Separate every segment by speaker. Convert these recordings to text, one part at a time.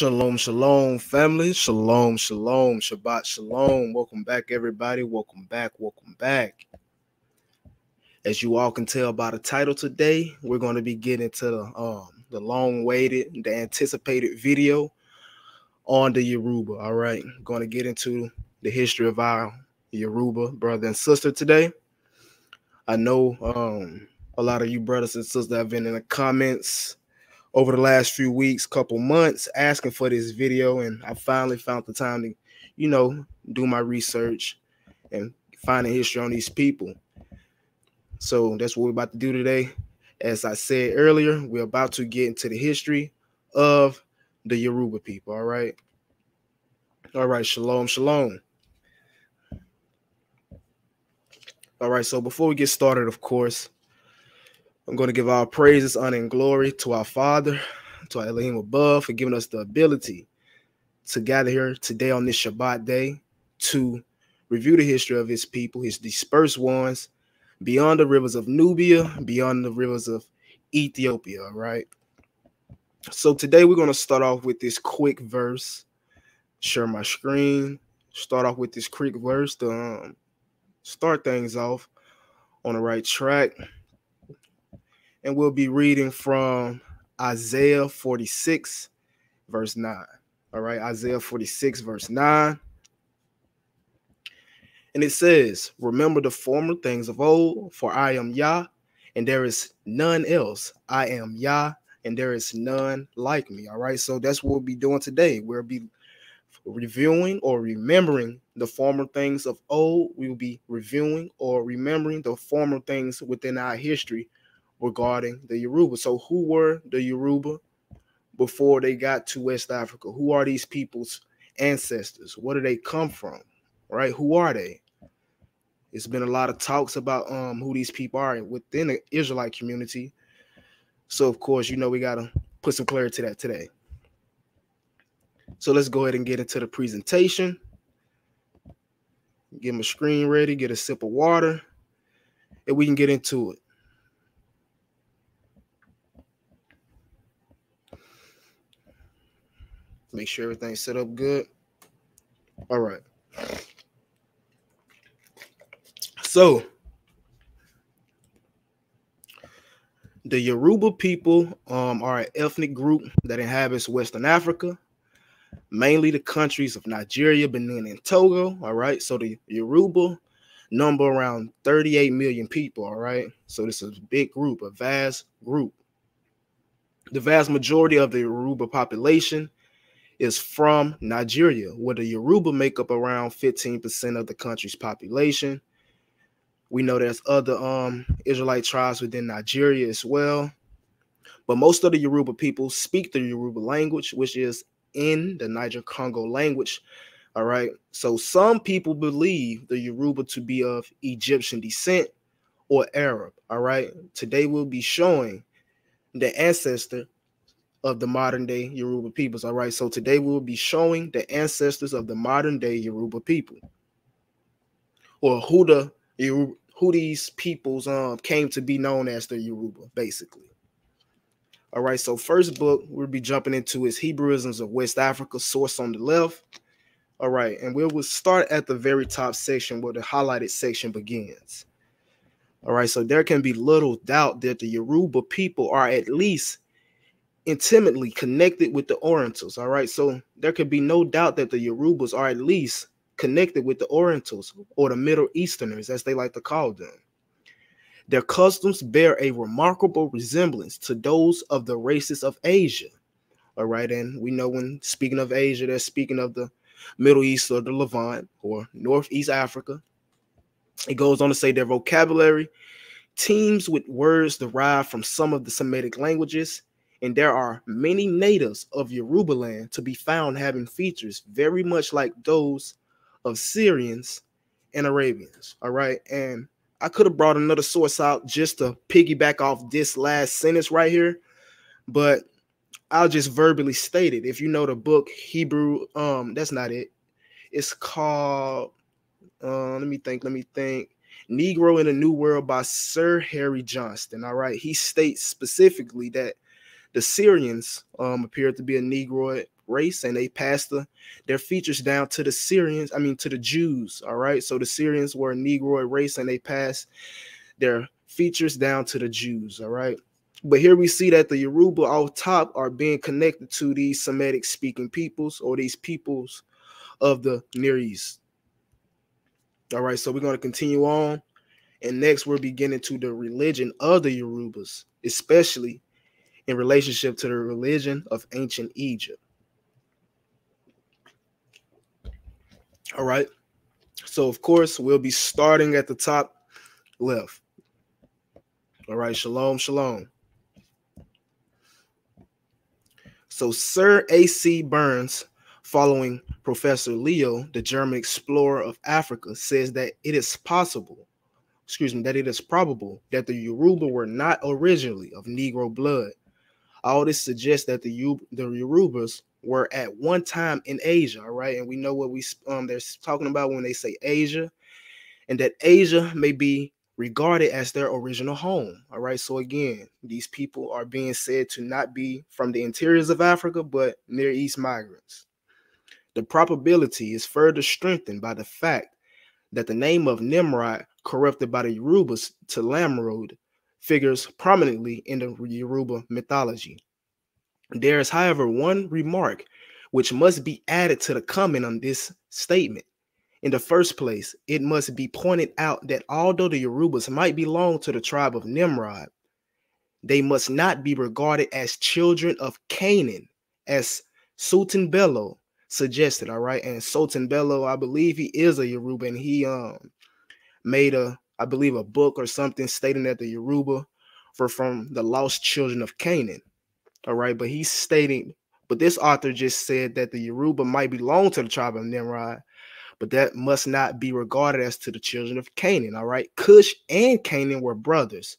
Speaker 1: Shalom, shalom, family. Shalom, shalom, Shabbat, shalom. Welcome back, everybody. Welcome back, welcome back. As you all can tell by the title today, we're going to be getting to the um, the long-waited, the anticipated video on the Yoruba. All right, going to get into the history of our Yoruba brother and sister today. I know um, a lot of you brothers and sisters have been in the comments over the last few weeks, couple months, asking for this video, and I finally found the time to, you know, do my research and find a history on these people. So that's what we're about to do today. As I said earlier, we're about to get into the history of the Yoruba people. All right. All right. Shalom. Shalom. All right. So before we get started, of course, I'm going to give our praises, honor, and glory to our Father, to our Elohim above, for giving us the ability to gather here today on this Shabbat day to review the history of his people, his dispersed ones, beyond the rivers of Nubia, beyond the rivers of Ethiopia, right? So today we're going to start off with this quick verse. Share my screen. Start off with this quick verse to um, start things off on the right track and we'll be reading from Isaiah 46, verse 9. All right, Isaiah 46, verse 9. And it says, Remember the former things of old, for I am Yah, and there is none else. I am Yah, and there is none like me. All right, so that's what we'll be doing today. We'll be reviewing or remembering the former things of old. We will be reviewing or remembering the former things within our history regarding the Yoruba. So, who were the Yoruba before they got to West Africa? Who are these people's ancestors? Where do they come from? Right? Who are they? It's been a lot of talks about um, who these people are within the Israelite community. So, of course, you know, we got to put some clarity to that today. So, let's go ahead and get into the presentation. Get my screen ready, get a sip of water, and we can get into it. Make sure everything's set up good. All right. So, the Yoruba people um, are an ethnic group that inhabits Western Africa, mainly the countries of Nigeria, Benin, and Togo. All right. So, the Yoruba number around 38 million people. All right. So, this is a big group, a vast group. The vast majority of the Yoruba population is from Nigeria, where the Yoruba make up around 15% of the country's population. We know there's other um, Israelite tribes within Nigeria as well. But most of the Yoruba people speak the Yoruba language, which is in the Niger Congo language. All right. So some people believe the Yoruba to be of Egyptian descent or Arab. All right. Today we'll be showing the ancestor of the modern day Yoruba peoples. All right, so today we will be showing the ancestors of the modern day Yoruba people, or who the who these peoples um came to be known as the Yoruba, basically. All right, so first book we'll be jumping into is Hebrewisms of West Africa, source on the left. All right, and we will start at the very top section where the highlighted section begins. All right, so there can be little doubt that the Yoruba people are at least intimately connected with the Orientals. All right. So there could be no doubt that the Yorubas are at least connected with the Orientals or the Middle Easterners, as they like to call them. Their customs bear a remarkable resemblance to those of the races of Asia. All right. And we know when speaking of Asia, they're speaking of the Middle East or the Levant or Northeast Africa. It goes on to say their vocabulary teams with words derived from some of the Semitic languages and there are many natives of Yoruba land to be found having features very much like those of Syrians and Arabians. All right. And I could have brought another source out just to piggyback off this last sentence right here, but I'll just verbally state it. If you know the book Hebrew, um, that's not it. It's called uh, let me think, let me think. Negro in a New World by Sir Harry Johnston. All right. He states specifically that the Syrians um, appeared to be a Negroid race, and they passed the, their features down to the Syrians. I mean, to the Jews. All right, so the Syrians were a Negroid race, and they passed their features down to the Jews. All right. But here we see that the Yoruba off top are being connected to these Semitic speaking peoples or these peoples of the Near East. All right, so we're going to continue on. And next, we're beginning to the religion of the Yorubas, especially in relationship to the religion of ancient Egypt. All right. So, of course, we'll be starting at the top left. All right. Shalom, shalom. So, Sir A.C. Burns, following Professor Leo, the German explorer of Africa, says that it is possible, excuse me, that it is probable that the Yoruba were not originally of Negro blood, all this suggests that the the Yorubas were at one time in Asia, all right? And we know what we um they're talking about when they say Asia, and that Asia may be regarded as their original home. All right. So again, these people are being said to not be from the interiors of Africa, but Near East migrants. The probability is further strengthened by the fact that the name of Nimrod, corrupted by the Yorubas to Lamrod, figures prominently in the Yoruba mythology. There is, however, one remark which must be added to the comment on this statement. In the first place, it must be pointed out that although the Yorubas might belong to the tribe of Nimrod, they must not be regarded as children of Canaan, as Sultan Bello suggested. All right, and Sultan Bello, I believe he is a Yoruba, and he um made a I believe, a book or something stating that the Yoruba were from the lost children of Canaan. All right, but he's stating, but this author just said that the Yoruba might belong to the tribe of Nimrod, but that must not be regarded as to the children of Canaan. All right, Cush and Canaan were brothers.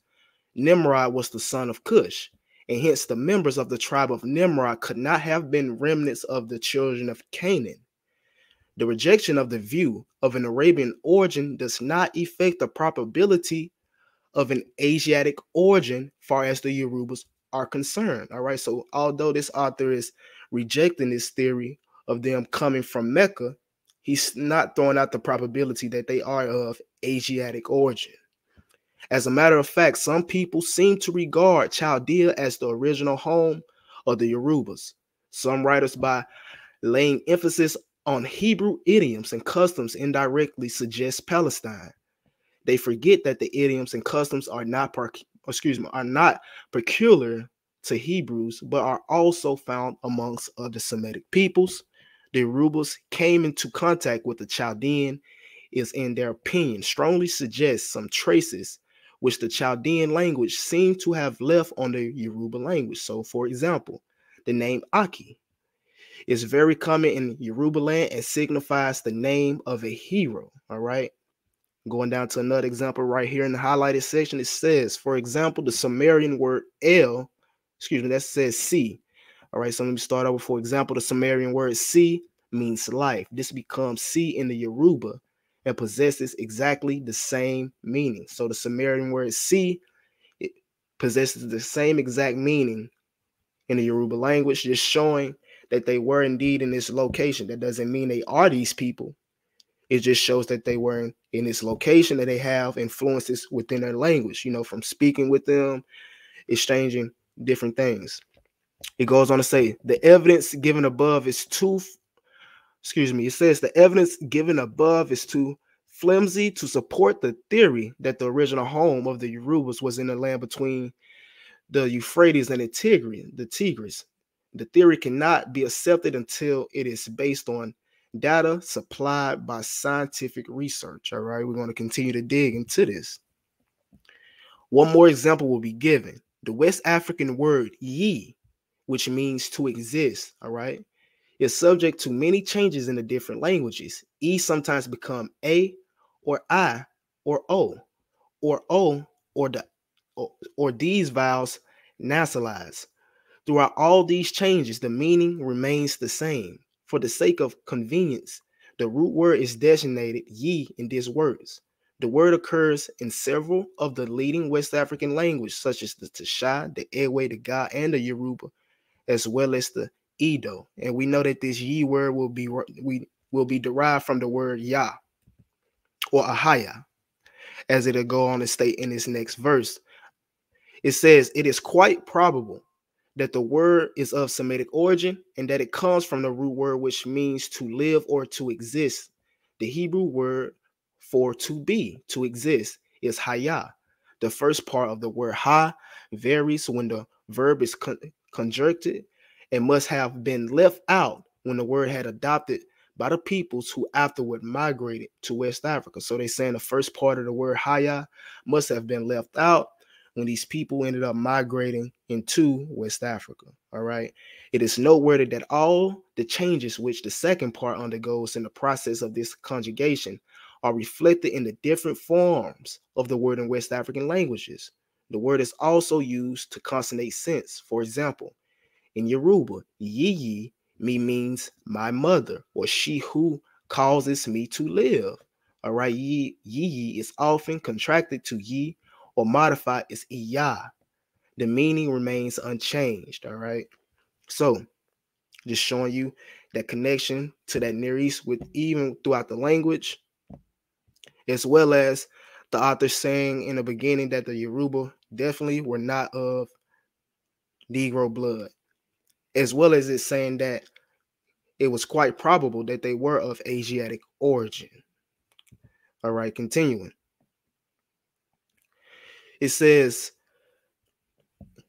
Speaker 1: Nimrod was the son of Cush, and hence the members of the tribe of Nimrod could not have been remnants of the children of Canaan. The rejection of the view of an Arabian origin does not affect the probability of an Asiatic origin, far as the Yorubas are concerned. All right. So although this author is rejecting this theory of them coming from Mecca, he's not throwing out the probability that they are of Asiatic origin. As a matter of fact, some people seem to regard Chaldea as the original home of the Yorubas. Some writers, by laying emphasis on Hebrew idioms and customs indirectly suggests Palestine. They forget that the idioms and customs are not par- excuse me, are not peculiar to Hebrews, but are also found amongst other Semitic peoples. The Arubas came into contact with the Chaldean is, in their opinion, strongly suggests some traces which the Chaldean language seem to have left on the Yoruba language. So, for example, the name Aki is very common in Yoruba land and signifies the name of a hero. All right. Going down to another example right here in the highlighted section, it says, for example, the Sumerian word El, excuse me, that says C. All right, so let me start over. For example, the Sumerian word C means life. This becomes C in the Yoruba and possesses exactly the same meaning. So the Sumerian word C it possesses the same exact meaning in the Yoruba language, just showing that they were indeed in this location. That doesn't mean they are these people. It just shows that they were in, in this location that they have influences within their language, you know, from speaking with them, exchanging different things. It goes on to say the evidence given above is too, excuse me, it says the evidence given above is too flimsy to support the theory that the original home of the Yorubas was in the land between the Euphrates and the Tigris, the Tigris, the theory cannot be accepted until it is based on data supplied by scientific research. All right, we're going to continue to dig into this. One more example will be given. The West African word ye, which means to exist, all right, is subject to many changes in the different languages. E sometimes become a or i or o or o or the or, or these vowels nasalize. Throughout all these changes, the meaning remains the same. For the sake of convenience, the root word is designated ye in these words. The word occurs in several of the leading West African languages, such as the Tasha, the Ewe, the Ga, and the Yoruba, as well as the Edo. And we know that this ye word will be we will be derived from the word "ya" or Ahaya, as it'll go on to state in this next verse. It says, It is quite probable that the word is of Semitic origin and that it comes from the root word which means to live or to exist. The Hebrew word for to be, to exist, is haya. The first part of the word ha varies when the verb is con- conjuncted and must have been left out when the word had adopted by the peoples who afterward migrated to West Africa. So they saying the first part of the word haya must have been left out when these people ended up migrating into West Africa. All right. It is noteworthy that all the changes which the second part undergoes in the process of this conjugation are reflected in the different forms of the word in West African languages. The word is also used to consonate sense. For example, in Yoruba, yiyi me means my mother or she who causes me to live. All right, yi is often contracted to yi or modified is iya. The meaning remains unchanged. All right. So just showing you that connection to that Near East with even throughout the language, as well as the author saying in the beginning that the Yoruba definitely were not of Negro blood, as well as it saying that it was quite probable that they were of Asiatic origin. All right, continuing. It says,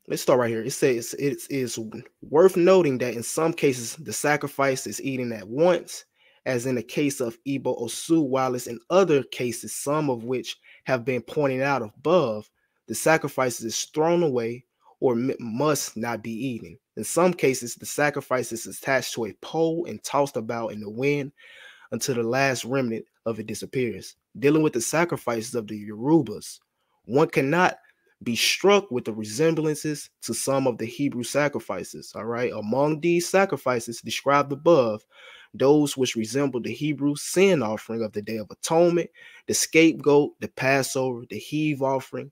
Speaker 1: let's start right here. It says it is worth noting that in some cases the sacrifice is eaten at once, as in the case of Ibo Osu Wallace and other cases, some of which have been pointed out above, the sacrifice is thrown away or must not be eaten. In some cases, the sacrifice is attached to a pole and tossed about in the wind until the last remnant of it disappears. Dealing with the sacrifices of the Yorubas, one cannot be struck with the resemblances to some of the Hebrew sacrifices. All right. Among these sacrifices described above, those which resemble the Hebrew sin offering of the Day of Atonement, the scapegoat, the Passover, the heave offering,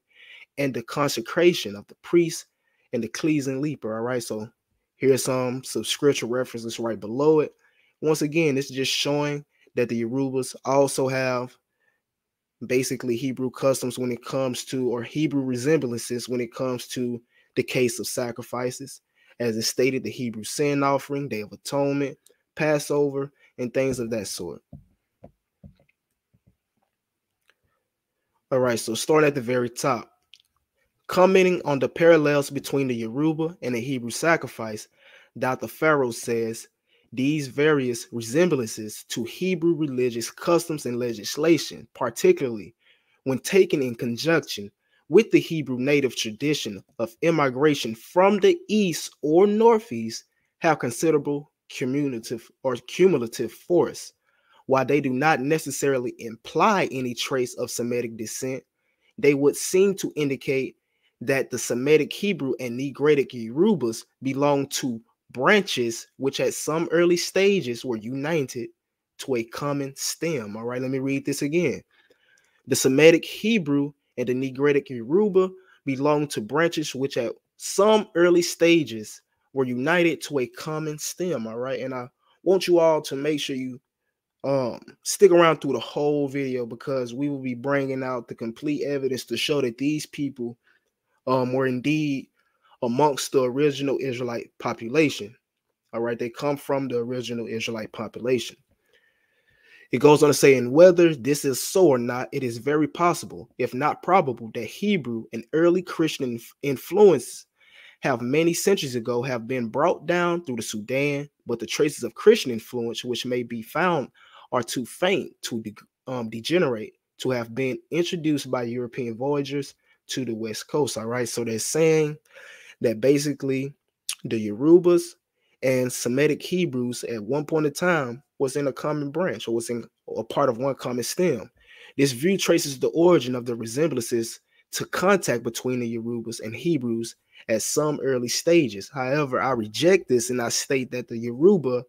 Speaker 1: and the consecration of the priest and the cleansing leaper. All right. So here's some, some scripture references right below it. Once again, it's just showing that the Yorubas also have basically Hebrew customs when it comes to, or Hebrew resemblances when it comes to the case of sacrifices. As it stated, the Hebrew sin offering, Day of Atonement, Passover, and things of that sort. All right, so starting at the very top, commenting on the parallels between the Yoruba and the Hebrew sacrifice, Dr. Faro says these various resemblances to Hebrew religious customs and legislation, particularly when taken in conjunction with the Hebrew native tradition of immigration from the east or northeast, have considerable cumulative or cumulative force. While they do not necessarily imply any trace of Semitic descent, they would seem to indicate that the Semitic Hebrew and Negritic Yorubas belong to branches which at some early stages were united to a common stem. All right, let me read this again. The Semitic Hebrew and the Negritic Yoruba belong to branches which at some early stages were united to a common stem. All right, and I want you all to make sure you um stick around through the whole video because we will be bringing out the complete evidence to show that these people um were indeed amongst the original Israelite population. All right, they come from the original Israelite population. It goes on to say, and whether this is so or not, it is very possible, if not probable, that Hebrew and early Christian influence have many centuries ago have been brought down through the Sudan, but the traces of Christian influence which may be found are too faint to de um, degenerate to have been introduced by European voyagers to the west coast. All right, so they're saying that basically the Yorubas and Semitic Hebrews at one point in time was in a common branch or was in a part of one common stem. This view traces the origin of the resemblances to contact between the Yorubas and Hebrews at some early stages. However, I reject this and I state that the Yoruba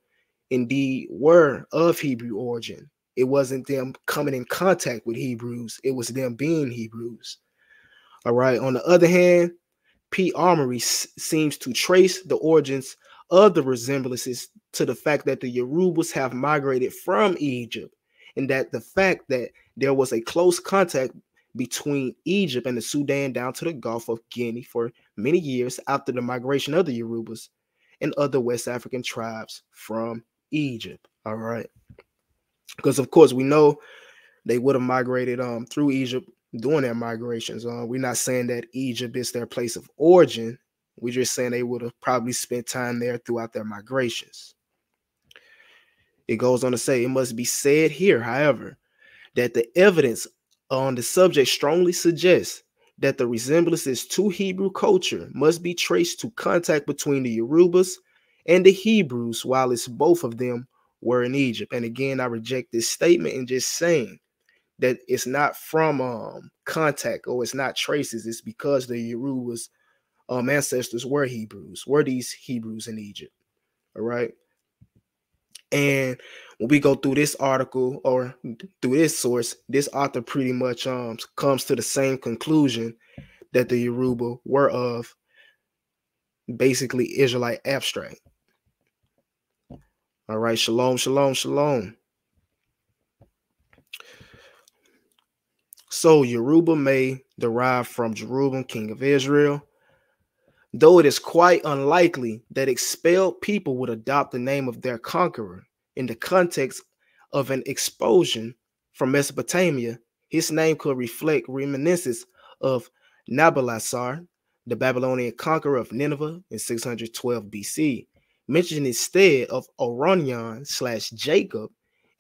Speaker 1: indeed were of Hebrew origin. It wasn't them coming in contact with Hebrews, it was them being Hebrews. All right. On the other hand, P. Armory s- seems to trace the origins of the resemblances to the fact that the Yorubas have migrated from Egypt, and that the fact that there was a close contact between Egypt and the Sudan down to the Gulf of Guinea for many years after the migration of the Yorubas and other West African tribes from Egypt. All right. Because of course we know they would have migrated um through Egypt doing their migrations. Uh, we're not saying that Egypt is their place of origin. We're just saying they would have probably spent time there throughout their migrations. It goes on to say, it must be said here, however, that the evidence on the subject strongly suggests that the resemblances to Hebrew culture must be traced to contact between the Yorubas and the Hebrews, while it's both of them were in Egypt. And again, I reject this statement and just saying that it's not from um, contact or it's not traces. It's because the Yoruba's um, ancestors were Hebrews, were these Hebrews in Egypt. All right. And when we go through this article or through this source, this author pretty much um, comes to the same conclusion that the Yoruba were of basically Israelite abstract. All right, shalom, shalom, shalom. So Yoruba may derive from Jerusalem, king of Israel. Though it is quite unlikely that expelled people would adopt the name of their conqueror in the context of an expulsion from Mesopotamia, his name could reflect reminiscence of Nabalassar, the Babylonian conqueror of Nineveh in 612 BC, mentioned instead of Oronion slash Jacob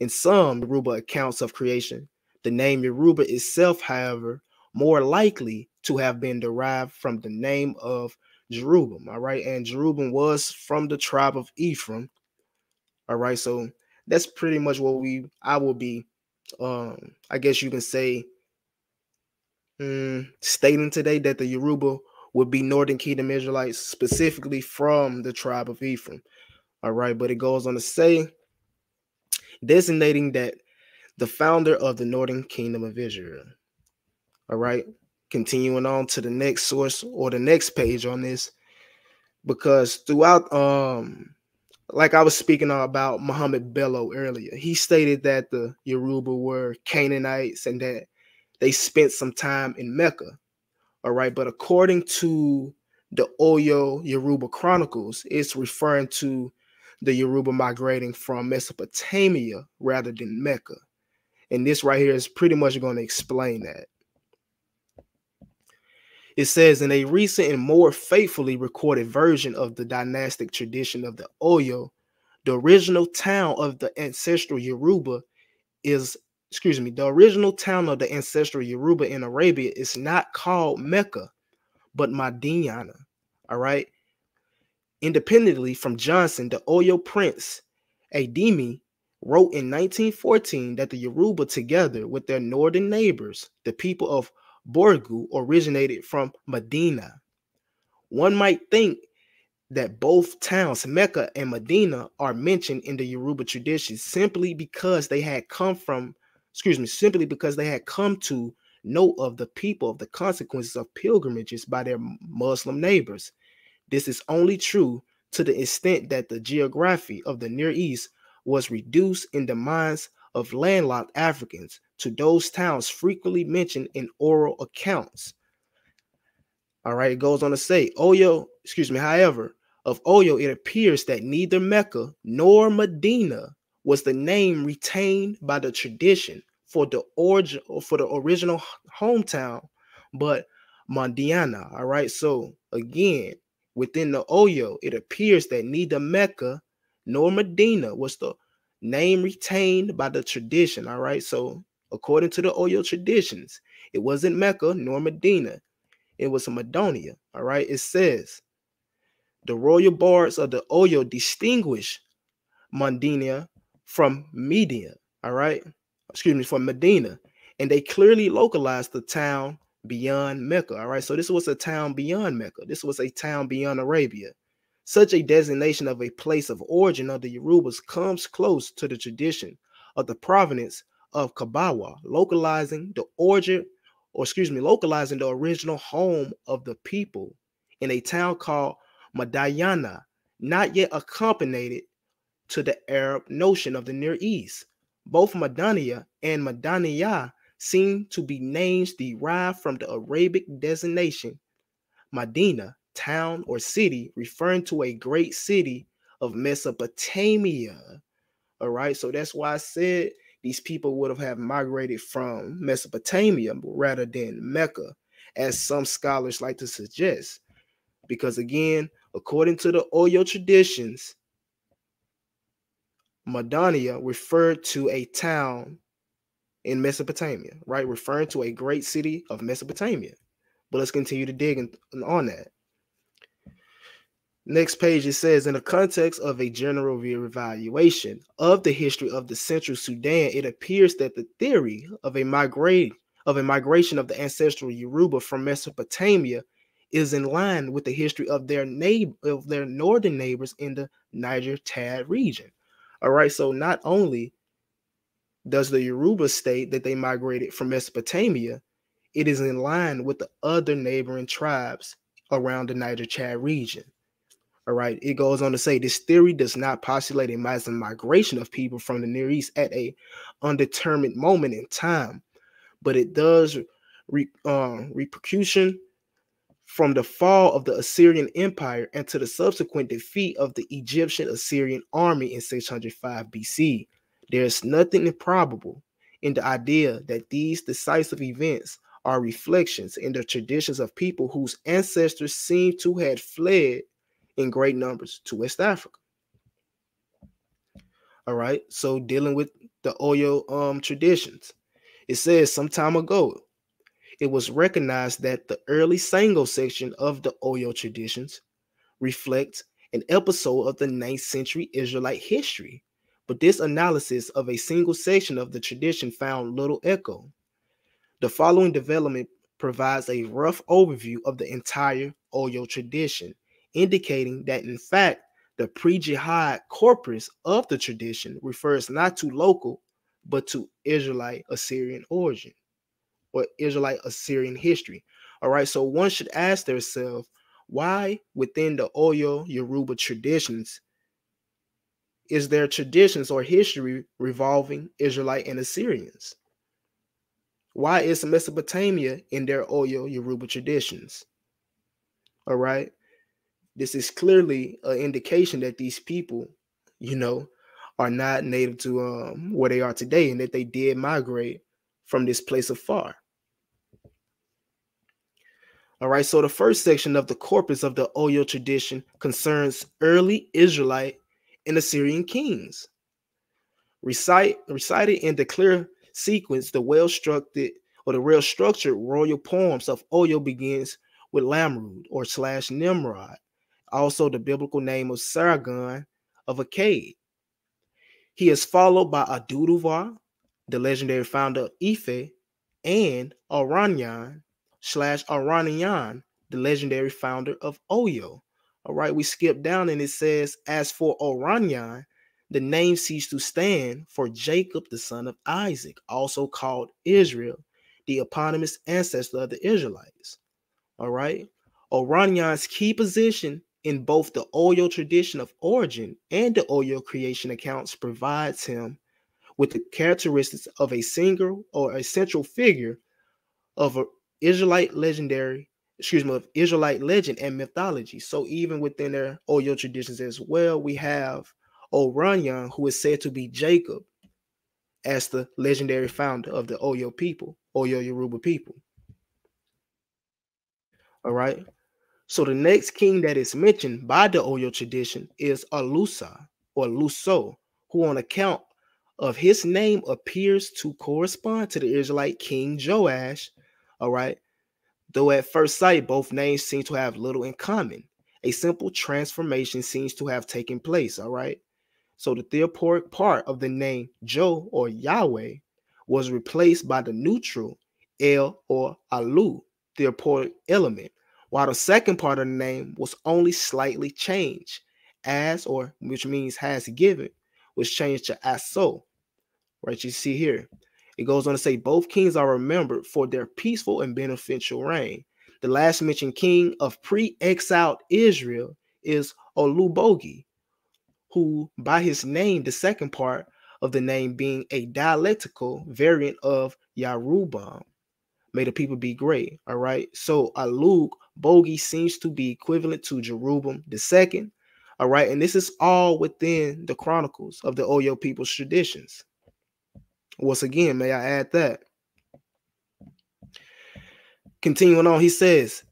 Speaker 1: in some Yoruba accounts of creation the name Yoruba itself, however, more likely to have been derived from the name of Jerubim. All right. And Jerubim was from the tribe of Ephraim. All right. So that's pretty much what we I will be um I guess you can say um, stating today that the Yoruba would be Northern Kingdom Israelites specifically from the tribe of Ephraim. All right, but it goes on to say designating that the founder of the Northern Kingdom of Israel. All right, continuing on to the next source or the next page on this, because throughout, um, like I was speaking about Muhammad Bello earlier, he stated that the Yoruba were Canaanites and that they spent some time in Mecca. All right, but according to the Oyo Yoruba Chronicles, it's referring to the Yoruba migrating from Mesopotamia rather than Mecca. And this right here is pretty much going to explain that. It says in a recent and more faithfully recorded version of the dynastic tradition of the Oyo, the original town of the ancestral Yoruba is, excuse me, the original town of the ancestral Yoruba in Arabia is not called Mecca, but Madiana. All right. Independently from Johnson, the Oyo prince, Ademi, wrote in 1914 that the Yoruba, together with their northern neighbors, the people of Borgu, originated from Medina. One might think that both towns, Mecca and Medina, are mentioned in the Yoruba tradition simply because they had come from, excuse me, simply because they had come to know of the people of the consequences of pilgrimages by their Muslim neighbors. This is only true to the extent that the geography of the Near East was reduced in the minds of landlocked Africans to those towns frequently mentioned in oral accounts. All right, it goes on to say, Oyo, excuse me, however, of Oyo, it appears that neither Mecca nor Medina was the name retained by the tradition for the origin for the original hometown, but Mondiana. All right, so again, within the Oyo, it appears that neither Mecca nor Medina was the name retained by the tradition. All right. So, according to the Oyo traditions, it wasn't Mecca nor Medina. It was Madonia. All right. It says the royal bards of the Oyo distinguish Mondinia from Media. All right. Excuse me, from Medina. And they clearly localized the town beyond Mecca. All right. So this was a town beyond Mecca. This was a town beyond Arabia. Such a designation of a place of origin of the Yorubas comes close to the tradition of the provenance of Kabawa, localizing the origin, or excuse me, localizing the original home of the people in a town called Madayana, not yet accompanied to the Arab notion of the Near East. Both Madania and Madaniya seem to be names derived from the Arabic designation Medina town, or city, referring to a great city of Mesopotamia. All right, so that's why I said these people would have have migrated from Mesopotamia rather than Mecca, as some scholars like to suggest. Because again, according to the Oyo traditions, Madania referred to a town in Mesopotamia, right? Referring to a great city of Mesopotamia. But let's continue to dig on that. Next page it says, in the context of a general reevaluation of the history of the Central Sudan, it appears that the theory of a migrate of a migration of the ancestral Yoruba from Mesopotamia is in line with the history of their neighbor of their northern neighbors in the Niger Tad region. All right, so not only does the Yoruba state that they migrated from Mesopotamia, it is in line with the other neighboring tribes around the Niger Chad region. All right. It goes on to say this theory does not postulate a mass migration of people from the Near East at a undetermined moment in time, but it does re, uh, repercussion from the fall of the Assyrian Empire and to the subsequent defeat of the Egyptian Assyrian army in 605 BC. There is nothing improbable in the idea that these decisive events are reflections in the traditions of people whose ancestors seem to have fled in great numbers to West Africa. All right, so dealing with the Oyo um, traditions, it says some time ago, it was recognized that the early Sango section of the Oyo traditions reflects an episode of the 9th century Israelite history, but this analysis of a single section of the tradition found little echo. The following development provides a rough overview of the entire Oyo tradition indicating that in fact the pre-jihad corpus of the tradition refers not to local but to Israelite Assyrian origin or Israelite Assyrian history. All right, so one should ask themselves why within the Oyo Yoruba traditions is there traditions or history revolving Israelite and Assyrians? Why is Mesopotamia in their Oyo Yoruba traditions? All right this is clearly an indication that these people, you know, are not native to um, where they are today and that they did migrate from this place afar. All right, so the first section of the corpus of the Oyo tradition concerns early Israelite and Assyrian kings. Recite, recited in the clear sequence, the well-structured or the well-structured royal poems of Oyo begins with Lamrud or slash Nimrod, also the biblical name of Saragon of Akkad. He is followed by Aduduvar, the legendary founder of Ife, and Aranyan slash Aranyan, the legendary founder of Oyo. All right, we skip down and it says, As for Aranyan, the name ceased to stand for Jacob, the son of Isaac, also called Israel, the eponymous ancestor of the Israelites. All right, Aranyan's key position in both the Oyo tradition of origin and the Oyo creation accounts provides him with the characteristics of a single or a central figure of an Israelite legendary, excuse me, of Israelite legend and mythology. So even within their Oyo traditions as well, we have Oranyan, who is said to be Jacob as the legendary founder of the Oyo people, Oyo Yoruba people. All right. So the next king that is mentioned by the Oyo tradition is Alusa or Luso, who on account of his name appears to correspond to the Israelite king Joash. All right. Though at first sight, both names seem to have little in common. A simple transformation seems to have taken place. All right. So the theoporic part of the name Joe or Yahweh was replaced by the neutral El or Alu, theoporic element while the second part of the name was only slightly changed, as or which means has given, was changed to as so. Right, you see here. It goes on to say both kings are remembered for their peaceful and beneficial reign. The last mentioned king of pre-exiled Israel is Olubogi, who by his name, the second part of the name being a dialectical variant of Yarubam, may the people be great. All right. So Alug Bogey seems to be equivalent to Jerubim II. All right, and this is all within the chronicles of the Oyo people's traditions. Once again, may I add that. Continuing on, he says,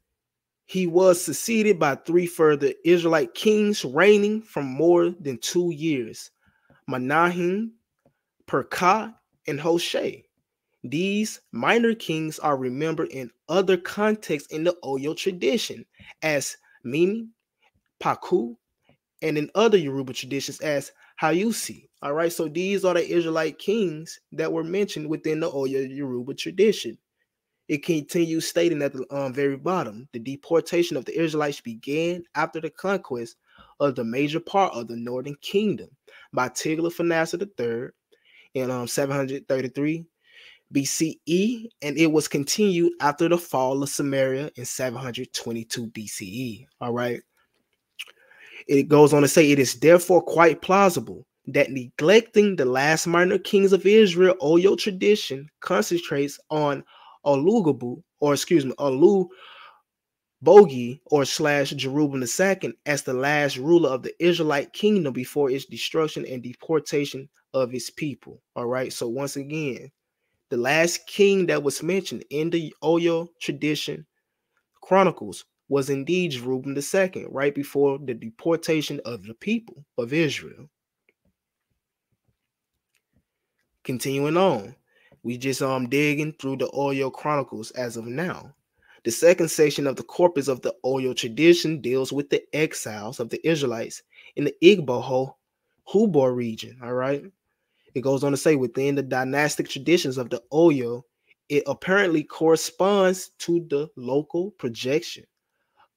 Speaker 1: he was succeeded by three further Israelite kings reigning for more than two years Manahim, Perkah, and Hoshea. These minor kings are remembered in other contexts in the Oyo tradition as Mimi, Paku, and in other Yoruba traditions as Hayusi. All right, so these are the Israelite kings that were mentioned within the Oyo Yoruba tradition. It continues stating at the um, very bottom the deportation of the Israelites began after the conquest of the major part of the northern kingdom by Tiglath-Pileser III in um, 733 BCE, and it was continued after the fall of Samaria in 722 BCE. All right. It goes on to say, It is therefore quite plausible that neglecting the last minor kings of Israel, Oyo tradition concentrates on Olugabu, or excuse me, Olu Bogi, or slash Jerubim II, as the last ruler of the Israelite kingdom before its destruction and deportation of its people. All right. So once again, the last king that was mentioned in the Oyo tradition chronicles was indeed Reuben II, right before the deportation of the people of Israel. Continuing on, we just um digging through the Oyo chronicles as of now. The second section of the corpus of the Oyo tradition deals with the exiles of the Israelites in the Igbo Hubor region. All right. It goes on to say within the dynastic traditions of the Oyo, it apparently corresponds to the local projection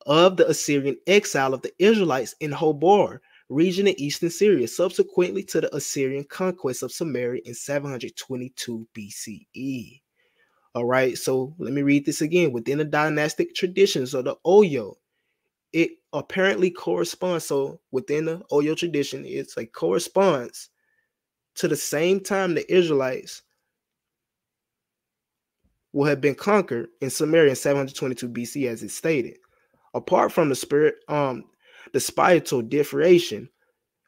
Speaker 1: of the Assyrian exile of the Israelites in Hobor, region in eastern Syria, subsequently to the Assyrian conquest of Samaria in 722 BCE. All right, so let me read this again. Within the dynastic traditions of the Oyo, it apparently corresponds. So within the Oyo tradition, it's a corresponds to the same time the Israelites will have been conquered in Samaria in 722 BC, as it stated. Apart from the spirit, um, the spiritual differentiation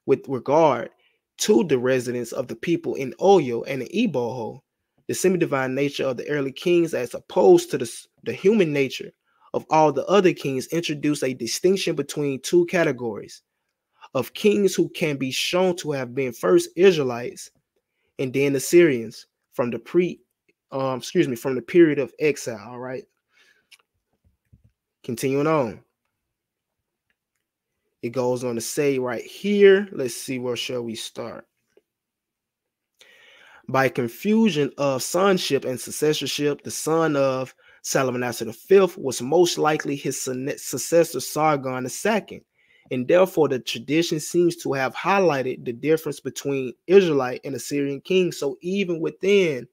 Speaker 1: with regard to the residence of the people in Oyo and in Iboho, the semi-divine nature of the early kings as opposed to the, the human nature of all the other kings introduced a distinction between two categories of kings who can be shown to have been first Israelites and then Assyrians from the pre um, excuse me from the period of exile all right continuing on it goes on to say right here let's see where shall we start by confusion of sonship and successorship the son of Salomon the fifth was most likely his successor Sargon the second and therefore the tradition seems to have highlighted the difference between Israelite and Assyrian kings. So even within,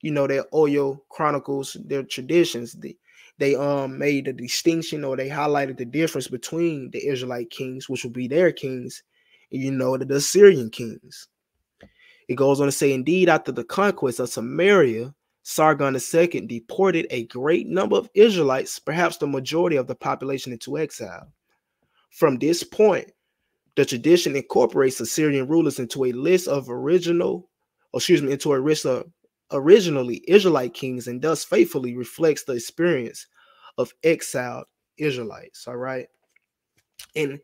Speaker 1: you know, their Oyo chronicles, their traditions, they, they um made a distinction or they highlighted the difference between the Israelite kings, which would be their kings, and you know, the Assyrian kings. It goes on to say, indeed, after the conquest of Samaria, Sargon II deported a great number of Israelites, perhaps the majority of the population, into exile. From this point, the tradition incorporates Assyrian rulers into a list of original, oh, excuse me, into a list of originally Israelite kings, and thus faithfully reflects the experience of exiled Israelites. All right. And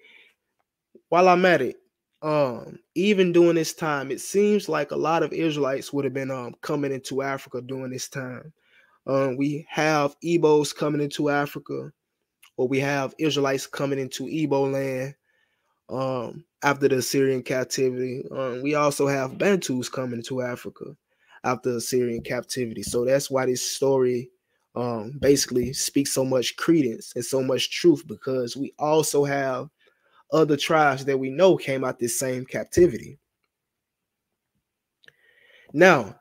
Speaker 1: while I'm at it, um, even during this time, it seems like a lot of Israelites would have been um, coming into Africa during this time. Um, we have Ebos coming into Africa where we have Israelites coming into Igbo land um, after the Assyrian captivity. Um, we also have Bantus coming to Africa after Assyrian captivity. So that's why this story um, basically speaks so much credence and so much truth because we also have other tribes that we know came out this same captivity. Now,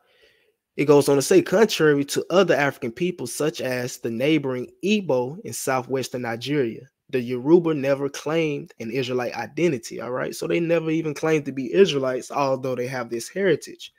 Speaker 1: it goes on to say, contrary to other African peoples, such as the neighboring Igbo in southwestern Nigeria, the Yoruba never claimed an Israelite identity. All right. So they never even claimed to be Israelites, although they have this heritage.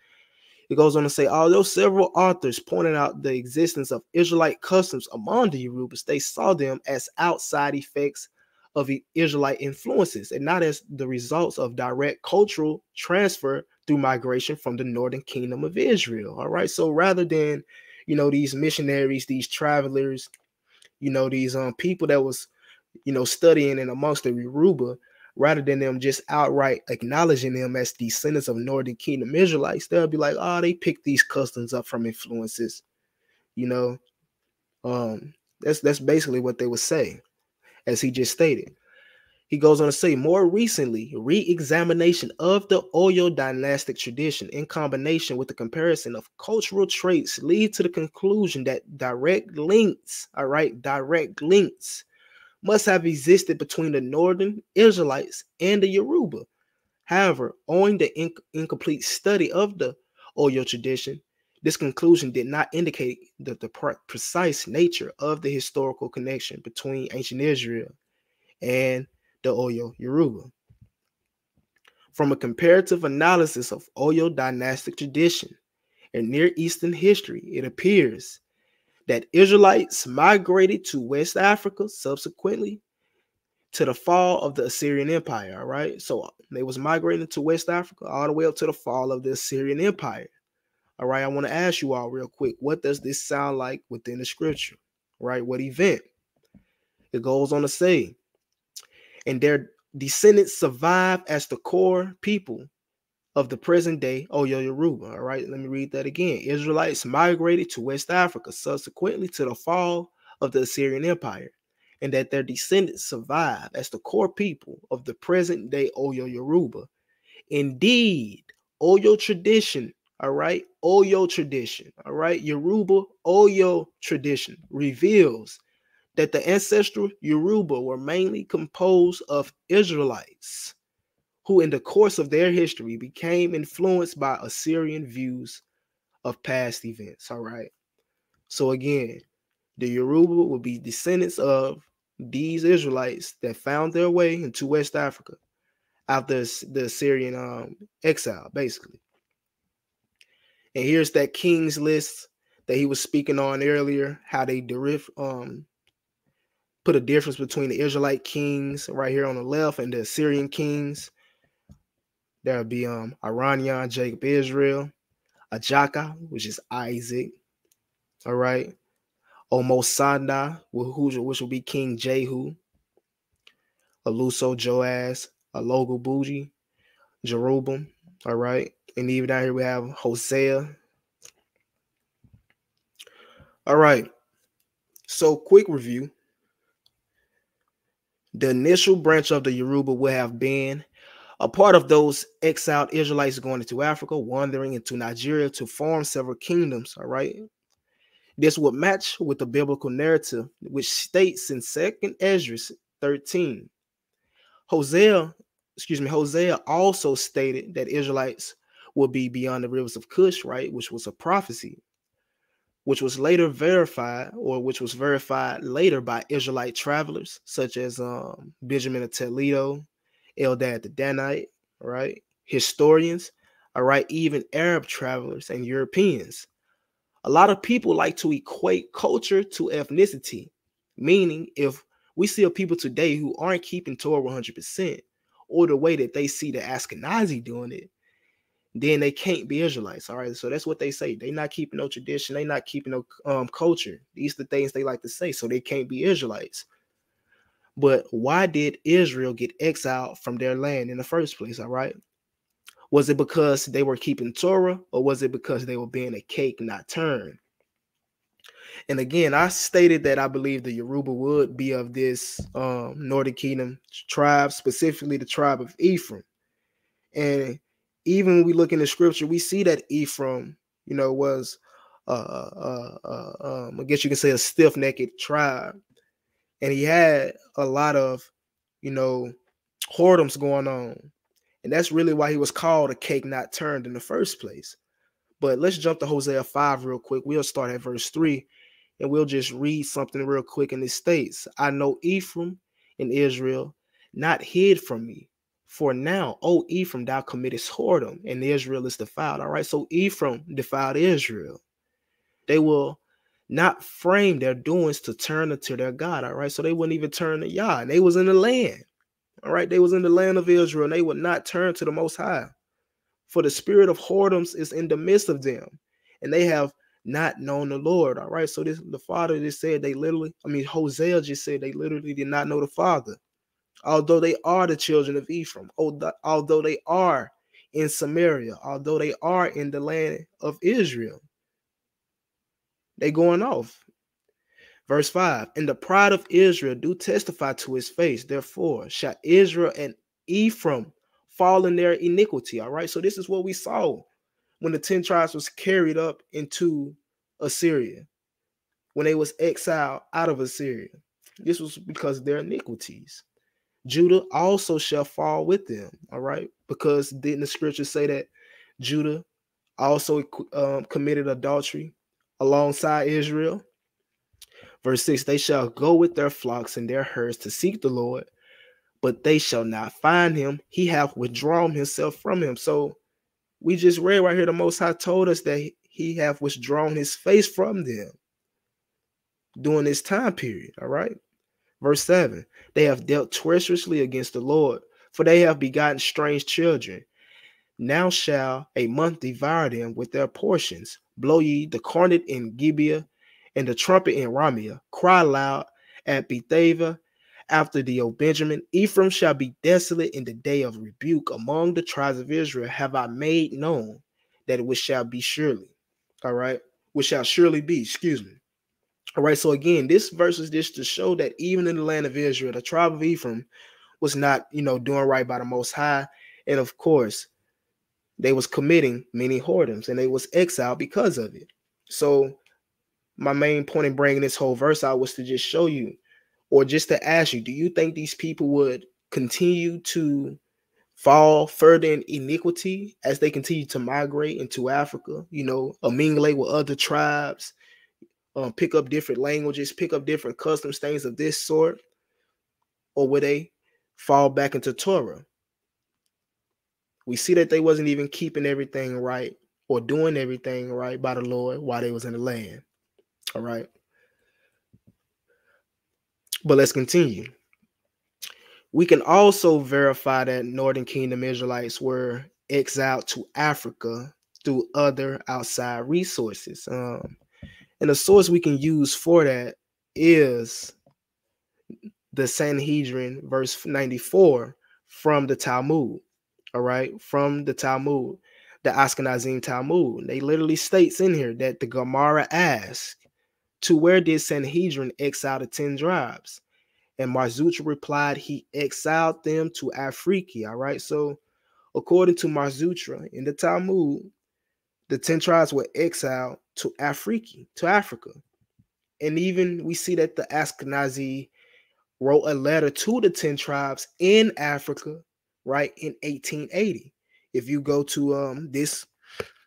Speaker 1: It goes on to say, although several authors pointed out the existence of Israelite customs among the Yorubas, they saw them as outside effects of Israelite influences and not as the results of direct cultural transfer through migration from the northern kingdom of Israel. All right. So rather than, you know, these missionaries, these travelers, you know, these um people that was, you know, studying and amongst the Yoruba, rather than them just outright acknowledging them as descendants of northern kingdom Israelites, they'll be like, oh, they picked these customs up from influences. You know, um, that's that's basically what they would say, as he just stated. He goes on to say, more recently, re examination of the Oyo dynastic tradition in combination with the comparison of cultural traits lead to the conclusion that direct links, all right, direct links must have existed between the northern Israelites and the Yoruba. However, owing to inc- incomplete study of the Oyo tradition, this conclusion did not indicate the, the pre- precise nature of the historical connection between ancient Israel and the Oyo Yoruba. From a comparative analysis of Oyo dynastic tradition and Near Eastern history, it appears that Israelites migrated to West Africa subsequently to the fall of the Assyrian Empire. All right, so uh, they was migrating to West Africa all the way up to the fall of the Assyrian Empire. All right, I want to ask you all real quick, what does this sound like within the scripture? Right, what event? It goes on to say and their descendants survive as the core people of the present day Oyo Yoruba. All right, let me read that again. Israelites migrated to West Africa, subsequently to the fall of the Assyrian Empire, and that their descendants survive as the core people of the present day Oyo Yoruba. Indeed, Oyo tradition, all right, Oyo tradition, all right, Yoruba Oyo tradition reveals that the ancestral Yoruba were mainly composed of Israelites who, in the course of their history, became influenced by Assyrian views of past events. All right. So, again, the Yoruba would be descendants of these Israelites that found their way into West Africa after the Assyrian um, exile, basically. And here's that king's list that he was speaking on earlier, how they derive um, put a difference between the Israelite kings right here on the left and the Assyrian kings. There would be um Iranian, Jacob, Israel, Ajaka, which is Isaac. All right. Omosanda, which will be King Jehu. Aluso, Joaz, Alogo, Buji, Jerubim. All right. And even down here we have Hosea. All right. So quick review the initial branch of the Yoruba would have been a part of those exiled Israelites going into Africa, wandering into Nigeria to form several kingdoms. All right. This would match with the biblical narrative, which states in 2nd Ezra 13. Hosea, excuse me, Hosea also stated that Israelites would be beyond the rivers of Cush, right? Which was a prophecy which was later verified, or which was verified later by Israelite travelers such as um, Benjamin of Toledo, Eldad the Danite, right? Historians, all right, even Arab travelers and Europeans. A lot of people like to equate culture to ethnicity, meaning if we see people today who aren't keeping Torah 100% or the way that they see the Ashkenazi doing it, then they can't be Israelites. All right. So that's what they say. They not keeping no tradition. They not keeping no um, culture. These the things they like to say. So they can't be Israelites. But why did Israel get exiled from their land in the first place? All right. Was it because they were keeping Torah or was it because they were being a cake not turned? And again, I stated that I believe the Yoruba would be of this um, Northern Kingdom tribe, specifically the tribe of Ephraim. And even when we look in the scripture, we see that Ephraim, you know, was uh, uh, uh, um, I guess you can say a stiff necked tribe, and he had a lot of, you know, whoredoms going on, and that's really why he was called a cake not turned in the first place. But let's jump to Hosea five real quick. We'll start at verse three, and we'll just read something real quick. And it states, "I know Ephraim in Israel, not hid from me." For now, O Ephraim, thou committest whoredom, and Israel is defiled. All right, so Ephraim defiled Israel. They will not frame their doings to turn to their God. All right, so they wouldn't even turn to Yah. They was in the land. All right, they was in the land of Israel, and they would not turn to the Most High. For the spirit of whoredoms is in the midst of them, and they have not known the Lord. All right, so this the Father just said they literally. I mean, Hosea just said they literally did not know the Father although they are the children of Ephraim, oh, although they are in Samaria, although they are in the land of Israel. They going off. Verse 5 And the pride of Israel do testify to his face, therefore shall Israel and Ephraim fall in their iniquity. All right, so this is what we saw when the 10 tribes was carried up into Assyria, when they was exiled out of Assyria. This was because of their iniquities. Judah also shall fall with them. All right. Because didn't the scriptures say that Judah also um, committed adultery alongside Israel? Verse 6 They shall go with their flocks and their herds to seek the Lord, but they shall not find him. He hath withdrawn himself from him. So we just read right here the Most High told us that he hath withdrawn his face from them during this time period. All right. Verse 7 They have dealt treacherously against the Lord, for they have begotten strange children. Now shall a month devour them with their portions. Blow ye the cornet in Gibeah and the trumpet in Ramia. Cry loud at Bethava after the old Benjamin. Ephraim shall be desolate in the day of rebuke. Among the tribes of Israel have I made known that which shall be surely. All right. Which shall surely be, excuse me. All right, so again, this verse is just to show that even in the land of Israel, the tribe of Ephraim was not, you know, doing right by the Most High, and of course, they was committing many whoredoms, and they was exiled because of it. So, my main point in bringing this whole verse out was to just show you, or just to ask you, do you think these people would continue to fall further in iniquity as they continue to migrate into Africa? You know, mingle with other tribes um, pick up different languages, pick up different customs, things of this sort? Or would they fall back into Torah? We see that they wasn't even keeping everything right or doing everything right by the Lord while they was in the land. All right. But let's continue. We can also verify that Northern Kingdom Israelites were exiled to Africa through other outside resources. Um, and the source we can use for that is the Sanhedrin, verse 94 from the Talmud. All right, from the Talmud, the Ashkenazim Talmud. They literally states in here that the Gemara asked, To where did Sanhedrin exile the 10 tribes? And Marzucha replied, He exiled them to Afriki. All right, so according to Marzutra in the Talmud, the 10 tribes were exiled to Afriki, to Africa. And even we see that the Ashkenazi wrote a letter to the 10 tribes in Africa, right, in 1880. If you go to um, this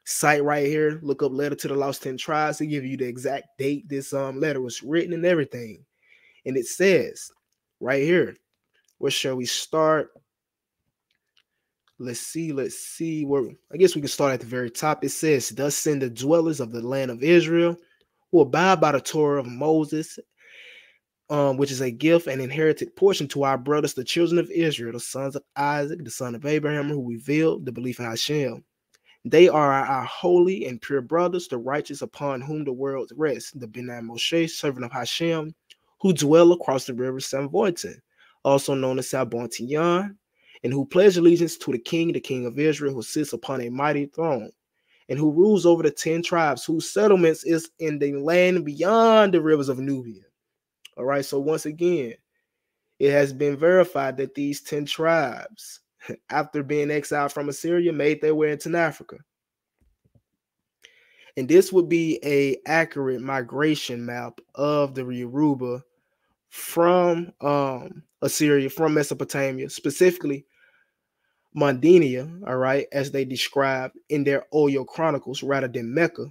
Speaker 1: site right here, look up letter to the lost 10 tribes, to give you the exact date this um, letter was written and everything. And it says right here, where shall we start? Let's see, let's see where I guess we can start at the very top. It says, Thus send the dwellers of the land of Israel who abide by the Torah of Moses, um, which is a gift and inherited portion to our brothers, the children of Israel, the sons of Isaac, the son of Abraham, who revealed the belief in Hashem. They are our holy and pure brothers, the righteous upon whom the world rests, the Ben Moshe, servant of Hashem, who dwell across the river Samvoitin, also known as Sabontian, and who pledge allegiance to the king, the king of Israel, who sits upon a mighty throne, and who rules over the ten tribes, whose settlements is in the land beyond the rivers of Nubia. All right, so once again, it has been verified that these ten tribes, after being exiled from Assyria, made their way into Africa. And this would be a accurate migration map of the Yoruba from um, Assyria, from Mesopotamia, specifically Mondinia, all right, as they describe in their Oyo Chronicles rather than Mecca.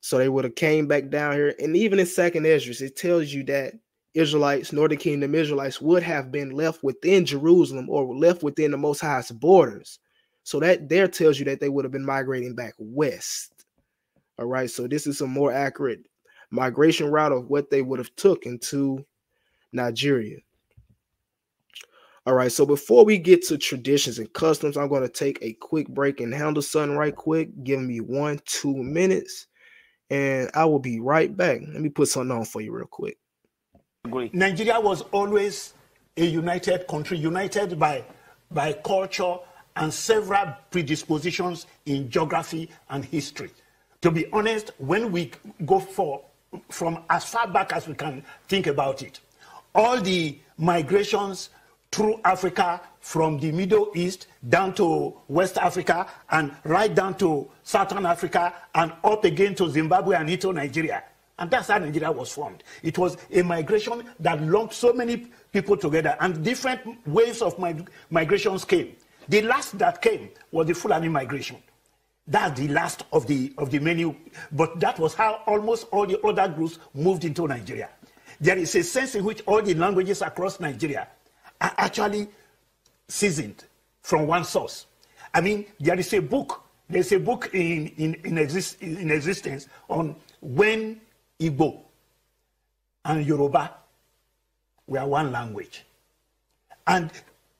Speaker 1: So they would have came back down here. And even in Second Esdras, it tells you that Israelites, Northern Kingdom Israelites, would have been left within Jerusalem or left within the Most High's borders. So that there tells you that they would have been migrating back west. All right. So this is a more accurate migration route of what they would have took into Nigeria. All right, so before we get to traditions and customs, I'm going to take a quick break and handle something right quick. Give me one, two minutes, and I will be right back. Let me put something on for you real quick.
Speaker 2: Nigeria was always a united country, united by, by culture and several predispositions in geography and history. To be honest, when we go for, from as far back as we can think about it, all the migrations through Africa from the Middle East down to West Africa and right down to Southern Africa and up again to Zimbabwe and into Nigeria. And that's how Nigeria was formed. It was a migration that lumped so many people together and different waves of mig migrations came. The last that came was the Fulani migration. That's the last of the, of the many, but that was how almost all the other groups moved into Nigeria. There is a sense in which all the languages across Nigeria are actually seasoned from one source. I mean, there is a book, there's a book in, in, in, exist, in existence on when Igbo and Yoruba were one language. And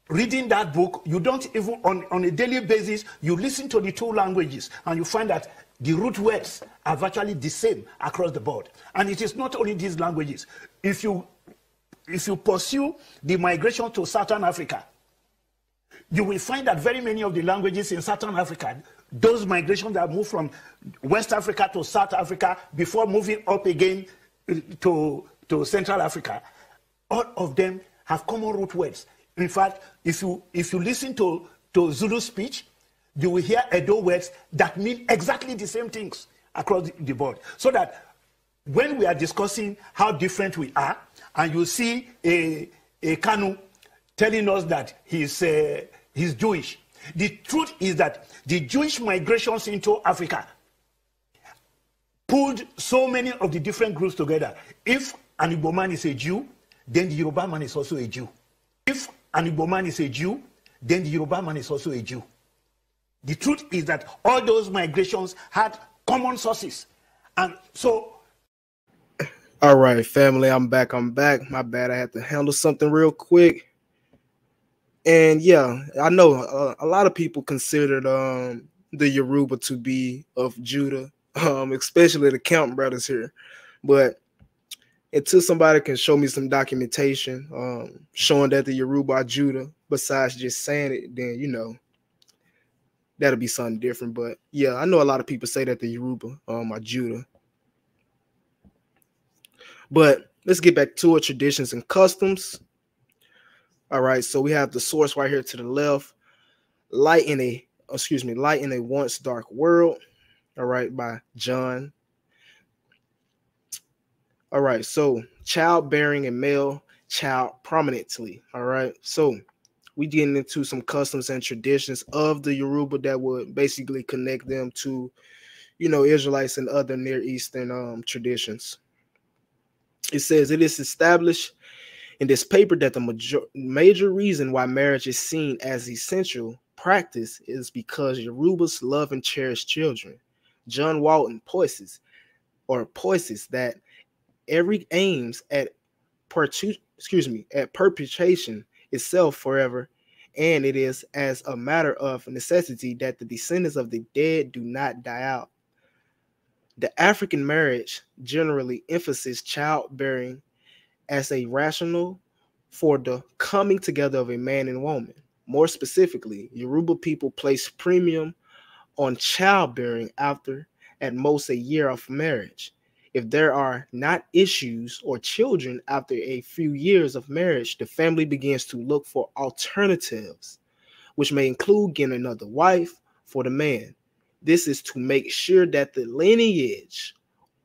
Speaker 2: reading that book, you don't even, on, on a daily basis, you listen to the two languages and you find that the root words are virtually the same across the board. And it is not only these languages. If you if you pursue the migration to Southern Africa, you will find that very many of the languages in Southern Africa, those migrations that move from West Africa to South Africa before moving up again uh, to, to Central Africa, all of them have common root words. In fact, if you, if you listen to, to Zulu speech, you will hear Edo words that mean exactly the same things across the board. So that when we are discussing how different we are, and you see a, a Kanu telling us that he's, uh, he's Jewish. The truth is that the Jewish migrations into Africa pulled so many of the different groups together. If an Igbo man is a Jew, then the Yoruba man is also a Jew. If an Igbo man is a Jew, then the Yoruba man is also a Jew. The truth is that all those migrations had common sources. And so
Speaker 1: all right, family, I'm back. I'm back. My bad. I had to handle something real quick. And yeah, I know a, uh, a lot of people considered um, the Yoruba to be of Judah, um, especially the Count brothers here. But until somebody can show me some documentation um, showing that the Yoruba are Judah, besides just saying it, then you know that'll be something different. But yeah, I know a lot of people say that the Yoruba um, are Judah but let's get back to it traditions and customs. All right, so we have the source right here to the left. Light in a excuse me, Light in a Once Dark World. All right, by John. All right, so childbearing and male child prominently. All right, so we getting into some customs and traditions of the Yoruba that would basically connect them to, you know, Israelites and other Near Eastern um, traditions. It says it is established in this paper that the major, major reason why marriage is seen as essential practice is because Yorubas love and cherish children. John Walton poises or poises that every aims at pertu- excuse me at perpetuation itself forever and it is as a matter of necessity that the descendants of the dead do not die out the African marriage generally emphasizes childbearing as a rational for the coming together of a man and woman. More specifically, Yoruba people place premium on childbearing after at most a year of marriage. If there are not issues or children after a few years of marriage, the family begins to look for alternatives, which may include getting another wife for the man. This is to make sure that the lineage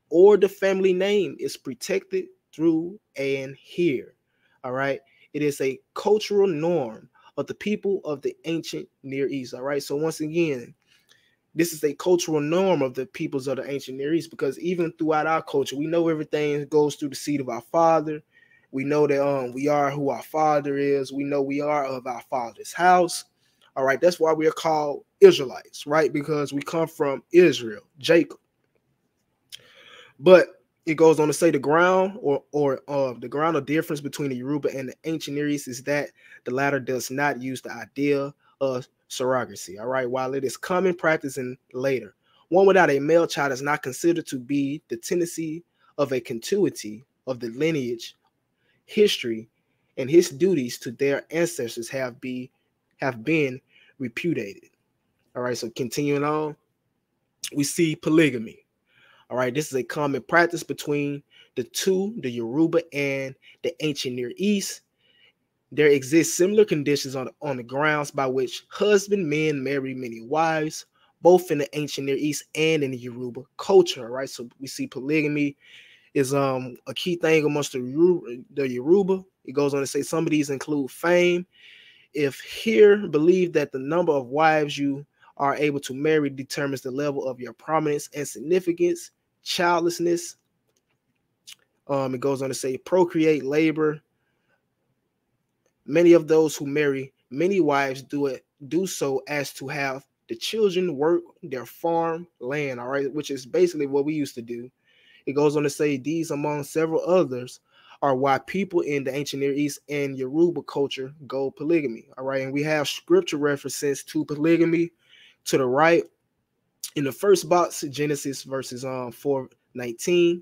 Speaker 1: or the family name is protected through and here. All right. It is a cultural norm of the people of the ancient Near East. All right. So, once again, this is a cultural norm of the peoples of the ancient Near East because even throughout our culture, we know everything goes through the seed of our father. We know that um, we are who our father is. We know we are of our father's house. All right, that's why we are called Israelites, right? Because we come from Israel, Jacob. But it goes on to say the ground or or uh, the ground of difference between the Yoruba and the ancient Near East is that the latter does not use the idea of surrogacy. All right, while it is common practice in later, one without a male child is not considered to be the tendency of a continuity of the lineage, history, and his duties to their ancestors have be have been repudiated. All right, so continuing on, we see polygamy. All right, this is a common practice between the two, the Yoruba and the ancient Near East. There exist similar conditions on the, on the grounds by which husband men marry many wives, both in the ancient Near East and in the Yoruba culture. All right, so we see polygamy is um a key thing amongst the, the Yoruba. It goes on to say some of these include fame, if here believe that the number of wives you are able to marry determines the level of your prominence and significance, childlessness. Um, it goes on to say procreate, labor. Many of those who marry many wives do it do so as to have the children work their farm land, all right, which is basically what we used to do. It goes on to say these among several others are why people in the ancient Near East and Yoruba culture go polygamy. All right. And we have scripture references to polygamy to the right. In the first box, Genesis verses um four nineteen,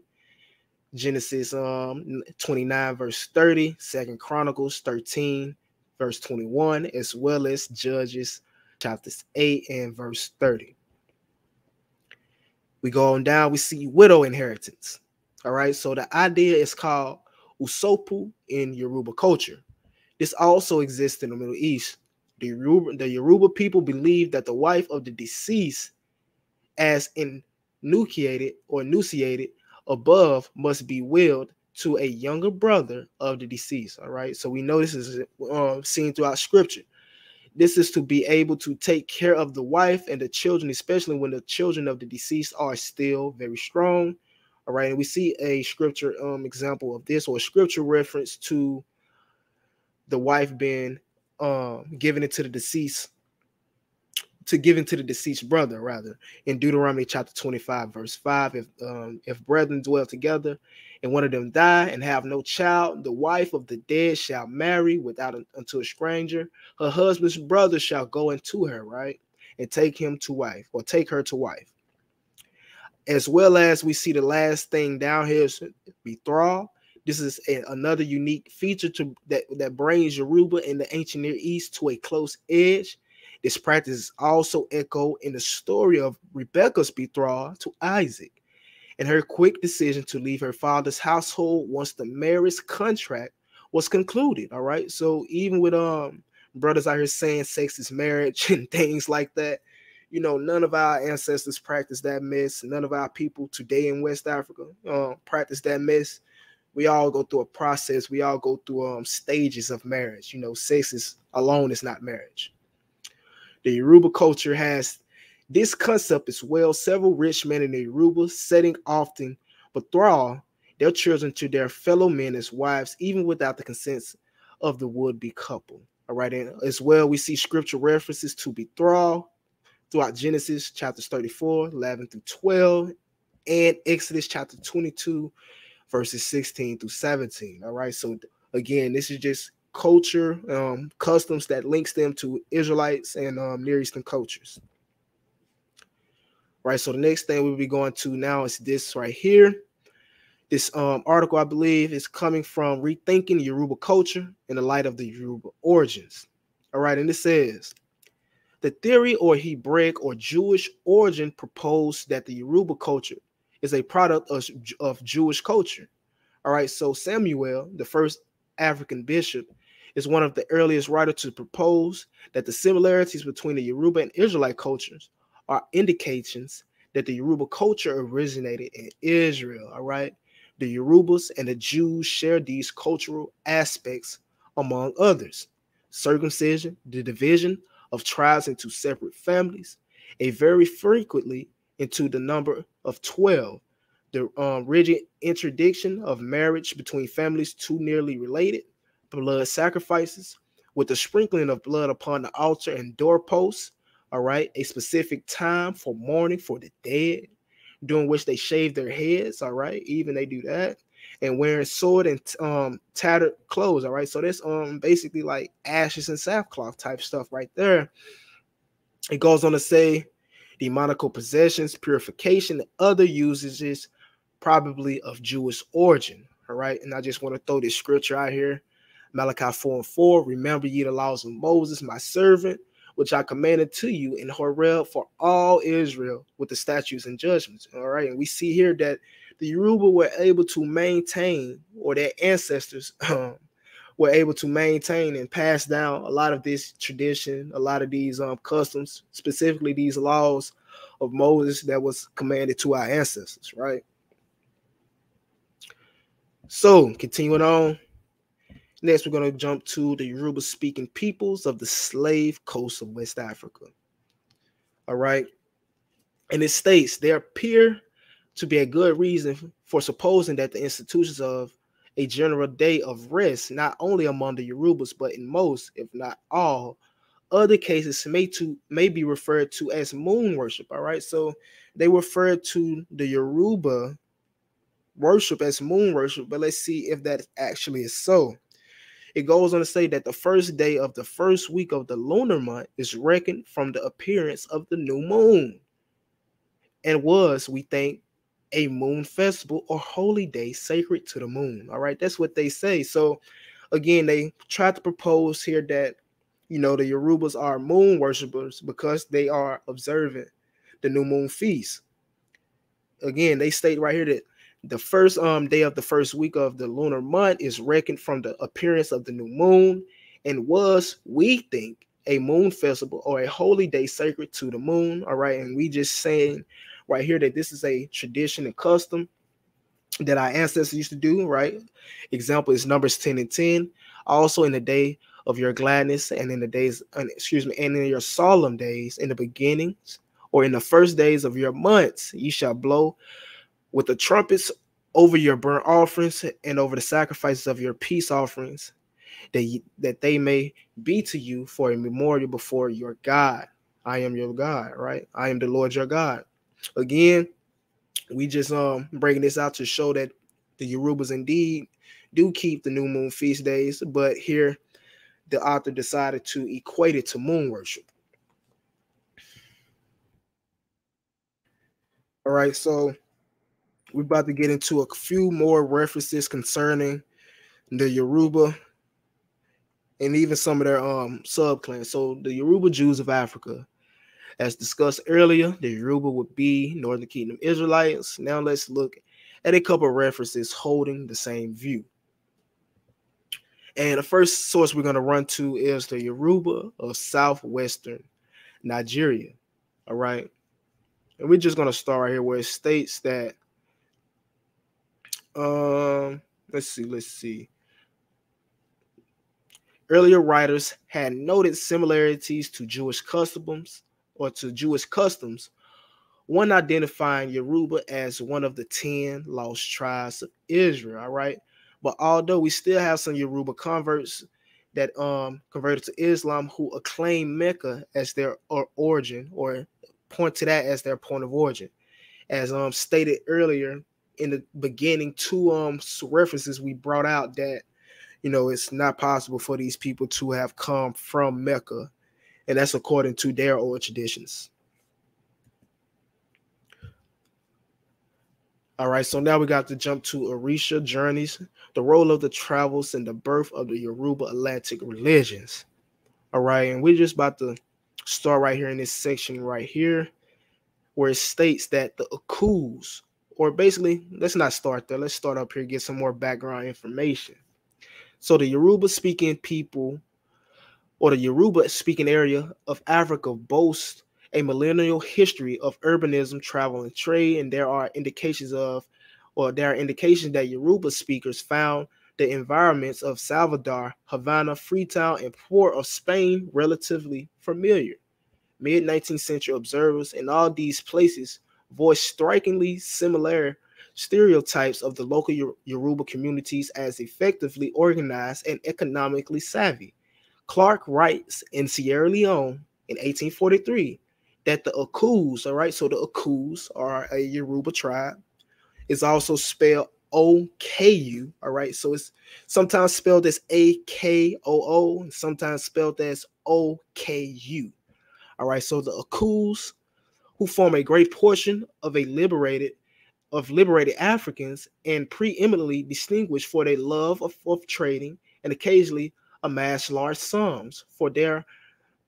Speaker 1: Genesis um 29 verse 30, Second Chronicles 13 verse 21, as well as Judges chapters 8 and verse 30. We go on down, we see widow inheritance. All right. So the idea is called Usopu in Yoruba culture. This also exists in the Middle East. The Yoruba, the Yoruba people believe that the wife of the deceased, as enunciated or enunciated above, must be willed to a younger brother of the deceased. All right. So we know this is uh, seen throughout scripture. This is to be able to take care of the wife and the children, especially when the children of the deceased are still very strong all right, and we see a scripture um example of this or a scripture reference to the wife being um given it to the deceased to give into the deceased brother rather in deuteronomy chapter 25 verse 5 if um, if brethren dwell together and one of them die and have no child the wife of the dead shall marry without a, unto a stranger her husband's brother shall go into her right and take him to wife or take her to wife as well as we see the last thing down here is Bithral. This is a, another unique feature to that, that brings Yoruba and the ancient Near East to a close edge. This practice is also echoed in the story of Rebecca's betrothal to Isaac and her quick decision to leave her father's household once the marriage contract was concluded. All right. So even with um brothers out here saying sex is marriage and things like that, you know, none of our ancestors practiced that mess. None of our people today in West Africa uh, practice that mess. We all go through a process. We all go through um, stages of marriage. You know, sex is alone is not marriage. The Yoruba culture has this concept as well. Several rich men in the Yoruba setting often betrothal their children to their fellow men as wives, even without the consent of the would-be couple. All right, and as well, we see scripture references to betrothal throughout Genesis chapters 34, 11 through 12, and Exodus chapter 22, verses 16 through 17. All right. So again, this is just culture, um, customs that links them to Israelites and um, Near Eastern cultures. All right. So the next thing we'll be going to now is this right here. This um, article, I believe, is coming from Rethinking Yoruba Culture in the Light of the Yoruba Origins. All right. And it says, the theory or Hebraic or Jewish origin proposed that the Yoruba culture is a product of, of Jewish culture. All right, so Samuel, the first African bishop, is one of the earliest writers to propose that the similarities between the Yoruba and Israelite cultures are indications that the Yoruba culture originated in Israel. All right, the Yorubas and the Jews share these cultural aspects, among others circumcision, the division of tribes into separate families, and very frequently into the number of 12. The um, rigid interdiction of marriage between families too nearly related, blood sacrifices, with the sprinkling of blood upon the altar and doorposts, all right, a specific time for mourning for the dead, during which they shave their heads, all right, even they do that, and wearing sword and um tattered clothes. All right, so that's um basically like ashes and sackcloth type stuff right there. It goes on to say demonical possessions, purification, and other usages, probably of Jewish origin. All right, and I just want to throw this scripture out here. Malachi 4 and 4, remember ye the laws of Moses, my servant, which I commanded to you in Horeb for all Israel with the statutes and judgments. All right. And we see here that the Yoruba were able to maintain, or their ancestors um, were able to maintain and pass down a lot of this tradition, a lot of these um, customs, specifically these laws of Moses that was commanded to our ancestors, right? So, continuing on, next we're going to jump to the Yoruba speaking peoples of the slave coast of West Africa. All right. And it states their peer to be a good reason for supposing that the institutions of a general day of rest, not only among the Yorubas, but in most, if not all, other cases may to may be referred to as moon worship. All right, so they refer to the Yoruba worship as moon worship, but let's see if that actually is so. It goes on to say that the first day of the first week of the lunar month is reckoned from the appearance of the new moon, and was, we think, a moon festival or holy day sacred to the moon. All right, that's what they say. So, again, they try to propose here that you know the Yorubas are moon worshippers because they are observing the new moon feast. Again, they state right here that the first um, day of the first week of the lunar month is reckoned from the appearance of the new moon and was, we think, a moon festival or a holy day sacred to the moon. All right. And we just saying right here that this is a tradition and custom that our ancestors used to do, right? Example is Numbers 10 and 10. Also, in the day of your gladness and in the days, excuse me, and in your solemn days, in the beginnings or in the first days of your months, ye shall blow with the trumpets over your burnt offerings and over the sacrifices of your peace offerings, that, that they may be to you for a memorial before your God. I am your God, right? I am the Lord your God again, we just um bringing this out to show that the Yorubas indeed do keep the new moon feast days, but here the author decided to equate it to moon worship. All right, so we're about to get into a few more references concerning the Yoruba and even some of their um subclans. So the Yoruba Jews of Africa, as discussed earlier, the Yoruba would be Northern Kingdom Israelites. Now let's look at a couple references holding the same view. And the first source we're going to run to is the Yoruba of southwestern Nigeria. All right. And we're just going to start right here where it states that um let's see, let's see. Earlier writers had noted similarities to Jewish customs or to Jewish customs, one identifying Yoruba as one of the 10 lost tribes of Israel. All right. But although we still have some Yoruba converts that um, converted to Islam who acclaim Mecca as their origin or point to that as their point of origin. As um, stated earlier in the beginning, two um, references we brought out that you know it's not possible for these people to have come from Mecca and that's according to their old traditions. All right, so now we got to jump to Orisha journeys, the role of the travels, and the birth of the Yoruba Atlantic religions. All right, and we're just about to start right here in this section right here, where it states that the Akus, or basically, let's not start there. Let's start up here, get some more background information. So the Yoruba speaking people or the Yoruba speaking area of Africa boasts a millennial history of urbanism, travel, and trade, and there are indications of, or there are indications that Yoruba speakers found the environments of Salvador, Havana, Freetown, and Port of Spain relatively familiar. Mid 19th century observers in all these places voiced strikingly similar stereotypes of the local Yoruba communities as effectively organized and economically savvy. Clark writes in Sierra Leone in 1843 that the Akus, all right, so the Akus are a Yoruba tribe. It's also spelled O K U, all right, so it's sometimes spelled as A K O O, and sometimes spelled as O K U, all right. So the Akus, who form a great portion of a liberated of liberated Africans and preeminently distinguished for their love of, of trading and occasionally Amass large sums for their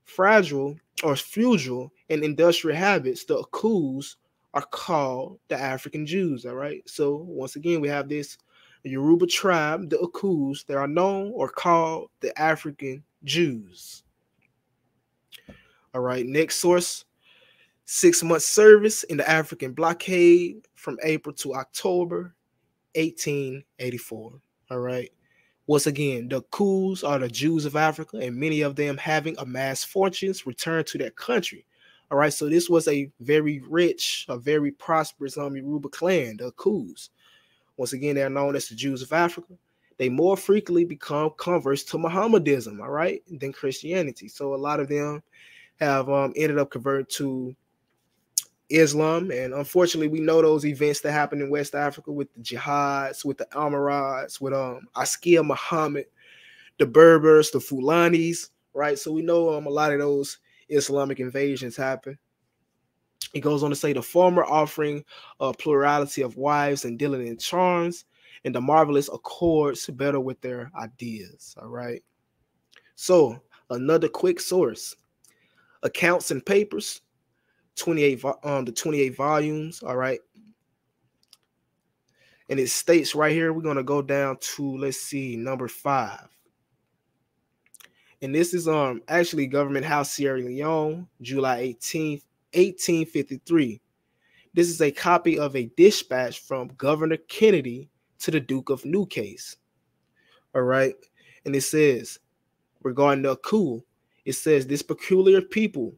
Speaker 1: fragile or frugal and industrial habits. The Akus are called the African Jews. All right. So once again, we have this Yoruba tribe, the Akus, that are known or called the African Jews. All right. Next source six months service in the African blockade from April to October 1884. All right. Once again, the Kus are the Jews of Africa, and many of them having amassed fortunes returned to their country. All right, so this was a very rich, a very prosperous um, Yoruba clan, the Kus. Once again, they are known as the Jews of Africa. They more frequently become converts to Mohammedanism, all right, than Christianity. So a lot of them have um, ended up converting to Islam. And unfortunately, we know those events that happened in West Africa with the jihads, with the Almorads, with um Askia Muhammad, the Berbers, the Fulanis, right? So we know um a lot of those Islamic invasions happen. He goes on to say the former offering a plurality of wives and dealing in charms, and the marvelous accords better with their ideas. All right. So another quick source accounts and papers 28 um the 28 volumes, all right? And it states right here we're going to go down to let's see number 5. And this is um actually Government House Sierra Leone, July 18th, 1853. This is a copy of a dispatch from Governor Kennedy to the Duke of Newcastle. All right. And it says regarding the coup, it says this peculiar people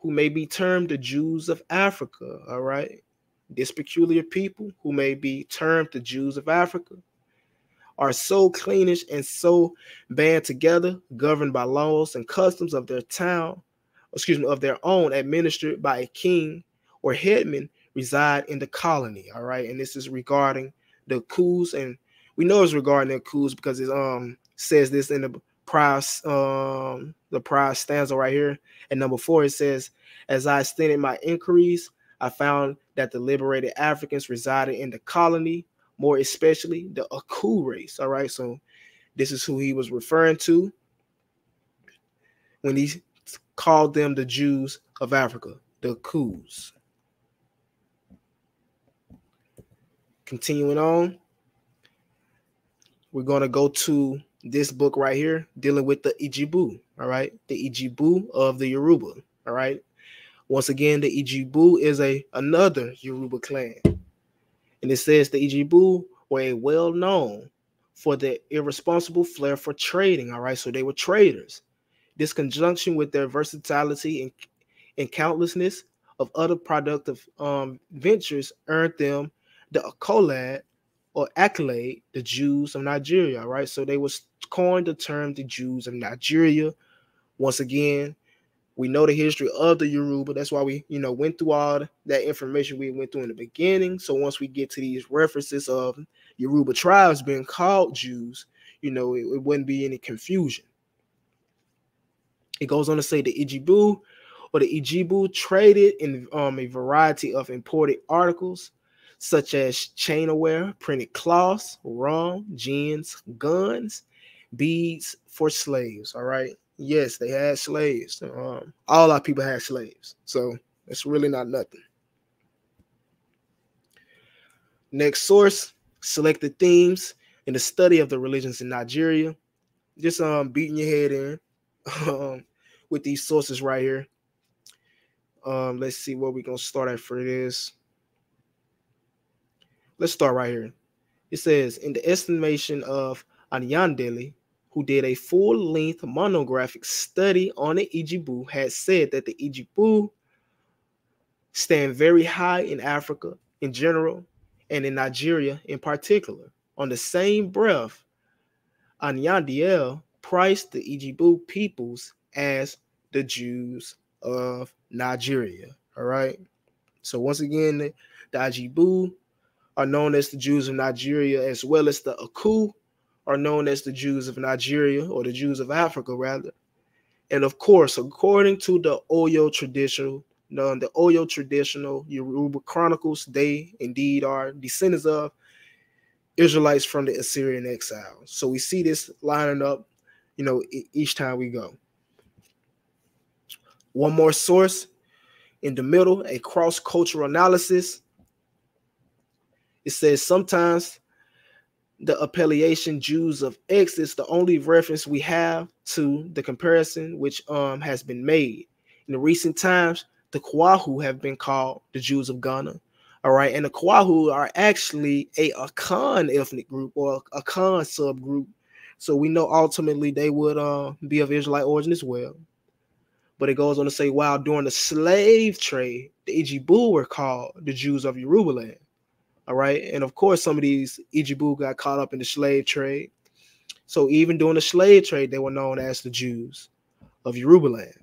Speaker 1: who may be termed the Jews of Africa, all right? This peculiar people who may be termed the Jews of Africa are so cleanish and so band together, governed by laws and customs of their town, excuse me, of their own, administered by a king or headman, reside in the colony. All right. And this is regarding the coups. And we know it's regarding the coups because it um says this in the prize, um, the prize stanza right here. And number four, it says, As I extended my inquiries, I found that the liberated Africans resided in the colony, more especially the Aku race. All right, so this is who he was referring to when he called them the Jews of Africa, the Akus. Continuing on, we're going to go to this book right here dealing with the Ijibu, all right? The Ijibu of the Yoruba, all right? Once again, the Ijibu is a another Yoruba clan. And it says the Ijibu were a well known for their irresponsible flair for trading, all right? So they were traders. This conjunction with their versatility and, and countlessness of other productive um, ventures earned them the collab or accolade the Jews of Nigeria, right? So they was coined the term the Jews of Nigeria. Once again, we know the history of the Yoruba. That's why we, you know, went through all that information we went through in the beginning. So once we get to these references of Yoruba tribes being called Jews, you know, it, it wouldn't be any confusion. It goes on to say the Ijibu or the Ijibu traded in um, a variety of imported articles such as chainaware, printed cloths, rum, gins, guns, beads for slaves. All right. Yes, they had slaves. Um, all our people had slaves. So it's really not nothing. Next source selected themes in the study of the religions in Nigeria. Just um beating your head in um, with these sources right here. Um, let's see what we're gonna start at for this let's start right here. It says, in the estimation of Anyandele, who did a full-length monographic study on the Ijibu, had said that the Ijibu stand very high in Africa in general and in Nigeria in particular. On the same breath, Anyandiel priced the Ijibu peoples as the Jews of Nigeria. All right. So once again, the Ijibu are known as the Jews of Nigeria, as well as the Aku are known as the Jews of Nigeria or the Jews of Africa, rather. And of course, according to the Oyo traditional, the Oyo traditional Yoruba chronicles, they indeed are descendants of Israelites from the Assyrian exile. So we see this lining up, you know, each time we go. One more source in the middle, a cross cultural analysis it says sometimes the appellation Jews of X is the only reference we have to the comparison which um, has been made. In the recent times, the Kwahu have been called the Jews of Ghana. All right, and the Kwahu are actually a Akan ethnic group or a Akan subgroup. So we know ultimately they would uh, be of Israelite origin as well. But it goes on to say, while during the slave trade, the Ijibu were called the Jews of Yoruba land. All right. And of course, some of these Ijibu got caught up in the slave trade. So even during the slave trade, they were known as the Jews of Yorubaland.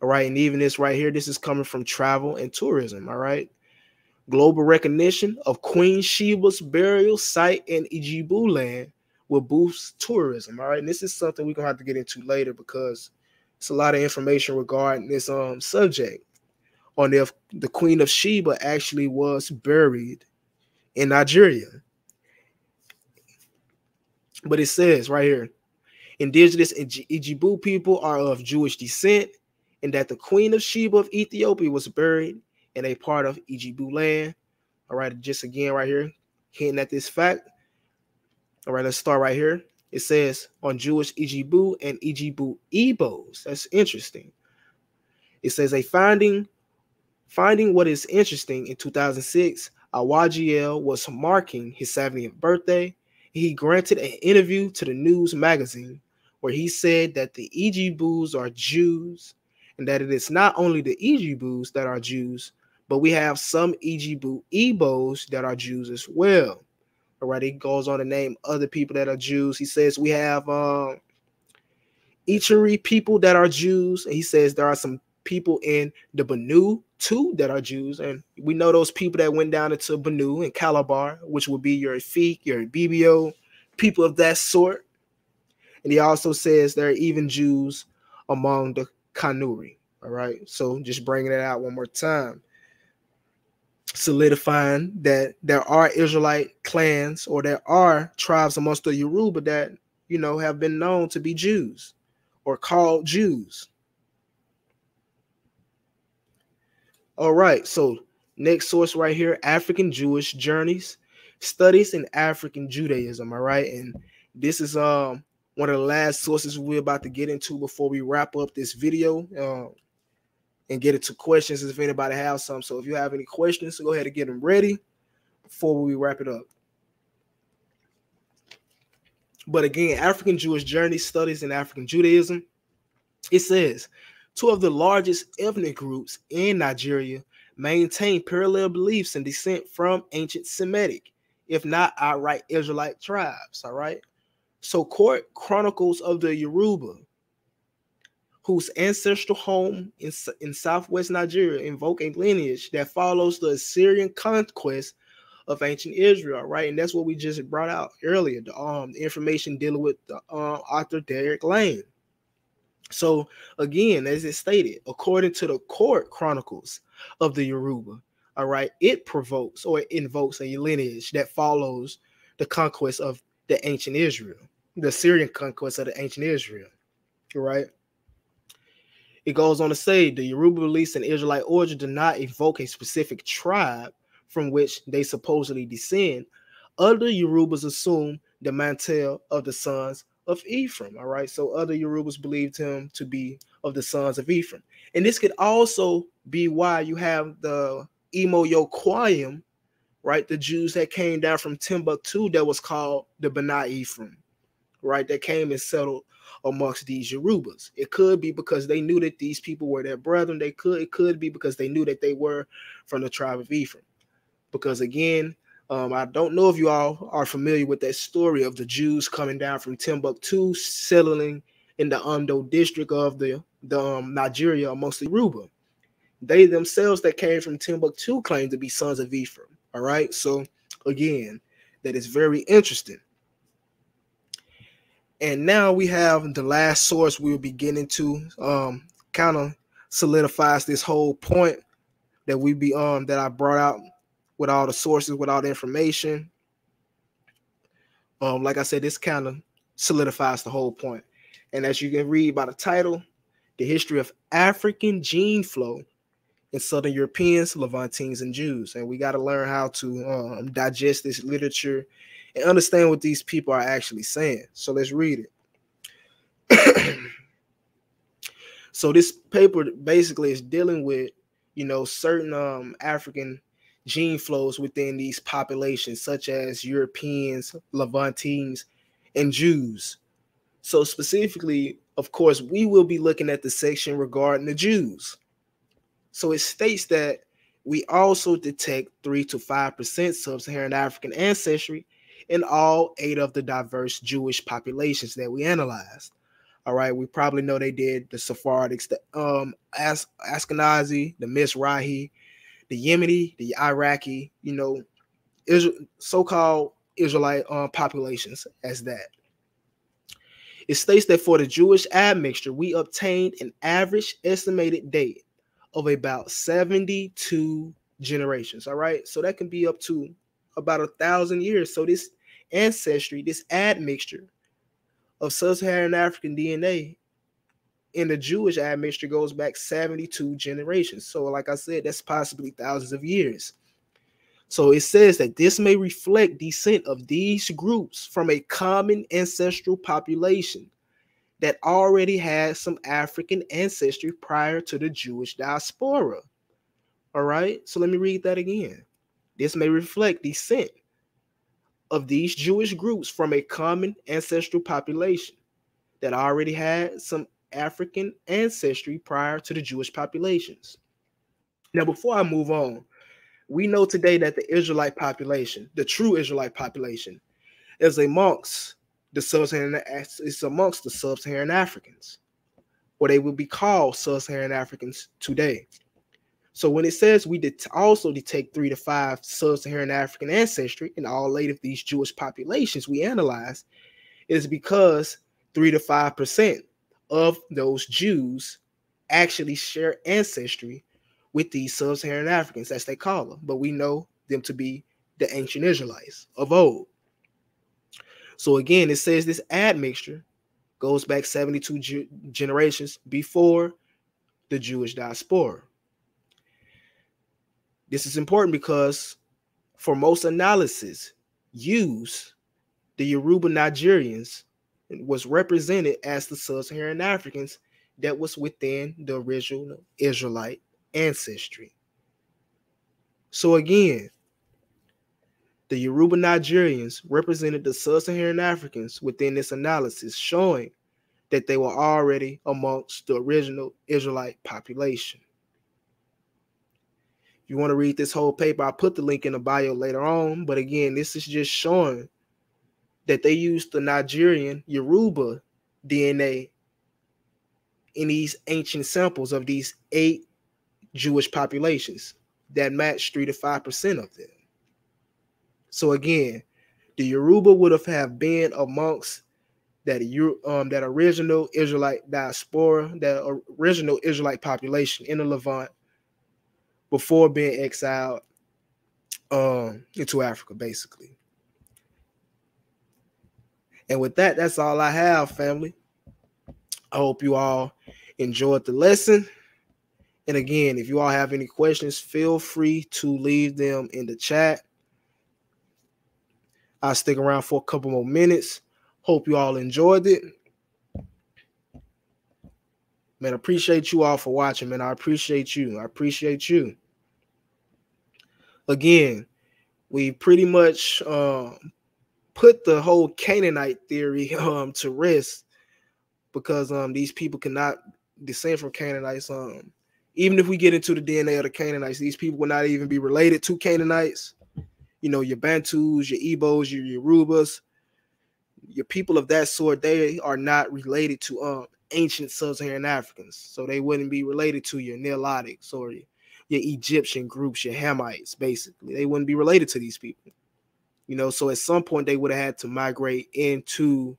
Speaker 1: All right. And even this right here, this is coming from travel and tourism. All right. Global recognition of Queen Sheba's burial site in Ijibu land will boost tourism. All right. And this is something we're going to have to get into later because it's a lot of information regarding this um subject on if the Queen of Sheba actually was buried in Nigeria. But it says right here indigenous Ijibu people are of Jewish descent, and that the Queen of Sheba of Ethiopia was buried in a part of Ijibu land. All right, just again right here, hitting at this fact. All right, let's start right here. It says on Jewish Ijibu and Ijibu Ebos. That's interesting. It says a finding Finding what is interesting, in 2006, Awajiel was marking his 70th birthday. He granted an interview to the news magazine where he said that the Ijibus are Jews and that it is not only the Ijibus that are Jews, but we have some Ijibu Igbos that are Jews as well. All right, he goes on to name other people that are Jews. He says we have uh, Ichiri people that are Jews, and he says there are some people in the Banu two that are Jews, and we know those people that went down into Banu and Calabar, which would be your Afik, your Bibio, people of that sort. And he also says there are even Jews among the Kanuri. All right, so just bringing it out one more time, solidifying that there are Israelite clans or there are tribes amongst the Yoruba that you know have been known to be Jews or called Jews. All right. So next source right here, African Jewish Journeys, Studies in African Judaism. All right. And this is um one of the last sources we're about to get into before we wrap up this video um, and get into questions if anybody has some. So if you have any questions, go ahead and get them ready before we wrap it up. But again, African Jewish Journey Studies in African Judaism. It says two of the largest ethnic groups in Nigeria, maintain parallel beliefs and descent from ancient Semitic, if not outright Israelite tribes. All right. So, court chronicles of the Yoruba, whose ancestral home in, in southwest Nigeria invoke a lineage that follows the Assyrian conquest of ancient Israel, right? And that's what we just brought out earlier, the um information dealing with the um, author Derek Lane. So again, as it stated, according to the court chronicles of the Yoruba, all right, it provokes or it invokes a lineage that follows the conquest of the ancient Israel, the Syrian conquest of the ancient Israel, right? It goes on to say the Yoruba beliefs in Israelite origin do not evoke a specific tribe from which they supposedly descend. Other Yorubas assume the mantle of the sons of Ephraim. All right. So other Yorubas believed him to be of the sons of Ephraim. And this could also be why you have the Emo Yoquayim, right? The Jews that came down from Timbuktu that was called the B'nai Ephraim, right? That came and settled amongst these Yorubas. It could be because they knew that these people were their brethren. They could, it could be because they knew that they were from the tribe of Ephraim. Because again, um, I don't know if you all are familiar with that story of the Jews coming down from Timbuktu, settling in the Ondo district of the, the um, Nigeria, mostly Ruba. They themselves that came from Timbuktu claim to be sons of Ephraim. All right, so again, that is very interesting. And now we have the last source we are beginning to um, kind of solidifies this whole point that we be um that I brought out with all the sources, with all the information. Um, like I said, this kind of solidifies the whole point. And as you can read by the title, the history of African gene flow in Southern Europeans, Levantines, and Jews. And we got to learn how to um, digest this literature and understand what these people are actually saying. So let's read it. so this paper basically is dealing with, you know, certain um, African gene flows within these populations, such as Europeans, Levantines, and Jews. So, specifically, of course, we will be looking at the section regarding the Jews. So, it states that we also detect 3 to 5% sub Saharan African ancestry in all eight of the diverse Jewish populations that we analyzed. All right, we probably know they did the Sephardics, the um As- Ashkenazi, the Mizrahi, the Yemeni, the Iraqi, you know, Israel, so-called Israelite uh, populations as that. It states that for the Jewish admixture, we obtained an average estimated date of about 72 generations. All right. So that can be up to about a thousand years. So this ancestry, this admixture of sub Saharan African DNA and the Jewish admixture goes back 72 generations. So, like I said, that's possibly thousands of years. So it says that this may reflect descent of these groups from a common ancestral population that already had some African ancestry prior to the Jewish diaspora. All right, so let me read that again. This may reflect descent of these Jewish groups from a common ancestral population that already had some African ancestry prior to the Jewish populations. Now, before I move on, we know today that the Israelite population, the true Israelite population, is amongst the sub-Saharan amongst the sub-Saharan Africans, or they will be called sub-Saharan Africans today. So when it says we det- also detect three to five sub-Saharan African ancestry in all eight of these Jewish populations we analyze, is because three to five percent of those Jews actually share ancestry with these sub-Saharan Africans, as they call them. But we know them to be the ancient Israelites of old. So again, it says this admixture goes back 72 generations before the Jewish diaspora. This is important because for most analysis, use the Yoruba Nigerians was represented as the sub-Saharan Africans that was within the original Israelite ancestry. So again, the Yoruba Nigerians represented the sub-Saharan Africans within this analysis, showing that they were already amongst the original Israelite population. If you want to read this whole paper, I'll put the link in the bio later on. But again, this is just showing that they used the Nigerian Yoruba DNA in these ancient samples of these eight Jewish populations that matched three to five percent of them. So again, the Yoruba would have have been amongst that um that original Israelite diaspora, that original Israelite population in the Levant before being exiled um into Africa, basically. And with that, that's all I have, family. I hope you all enjoyed the lesson. And again, if you all have any questions, feel free to leave them in the chat. I'll stick around for a couple more minutes. Hope you all enjoyed it. Man, appreciate you all for watching, man. I appreciate you. I appreciate you. Again, we pretty much uh, put the whole Canaanite theory um to rest because um these people cannot descend from Canaanites. Um, even if we get into the DNA of the Canaanites, these people will not even be related to Canaanites. You know, your Bantus, your Ebos, your Yorubas, your people of that sort, they are not related to um ancient sub-Saharan Africans. So they wouldn't be related to your Nilotics or your Egyptian groups, your Hamites, basically. They wouldn't be related to these people you know. So at some point they would have had to migrate into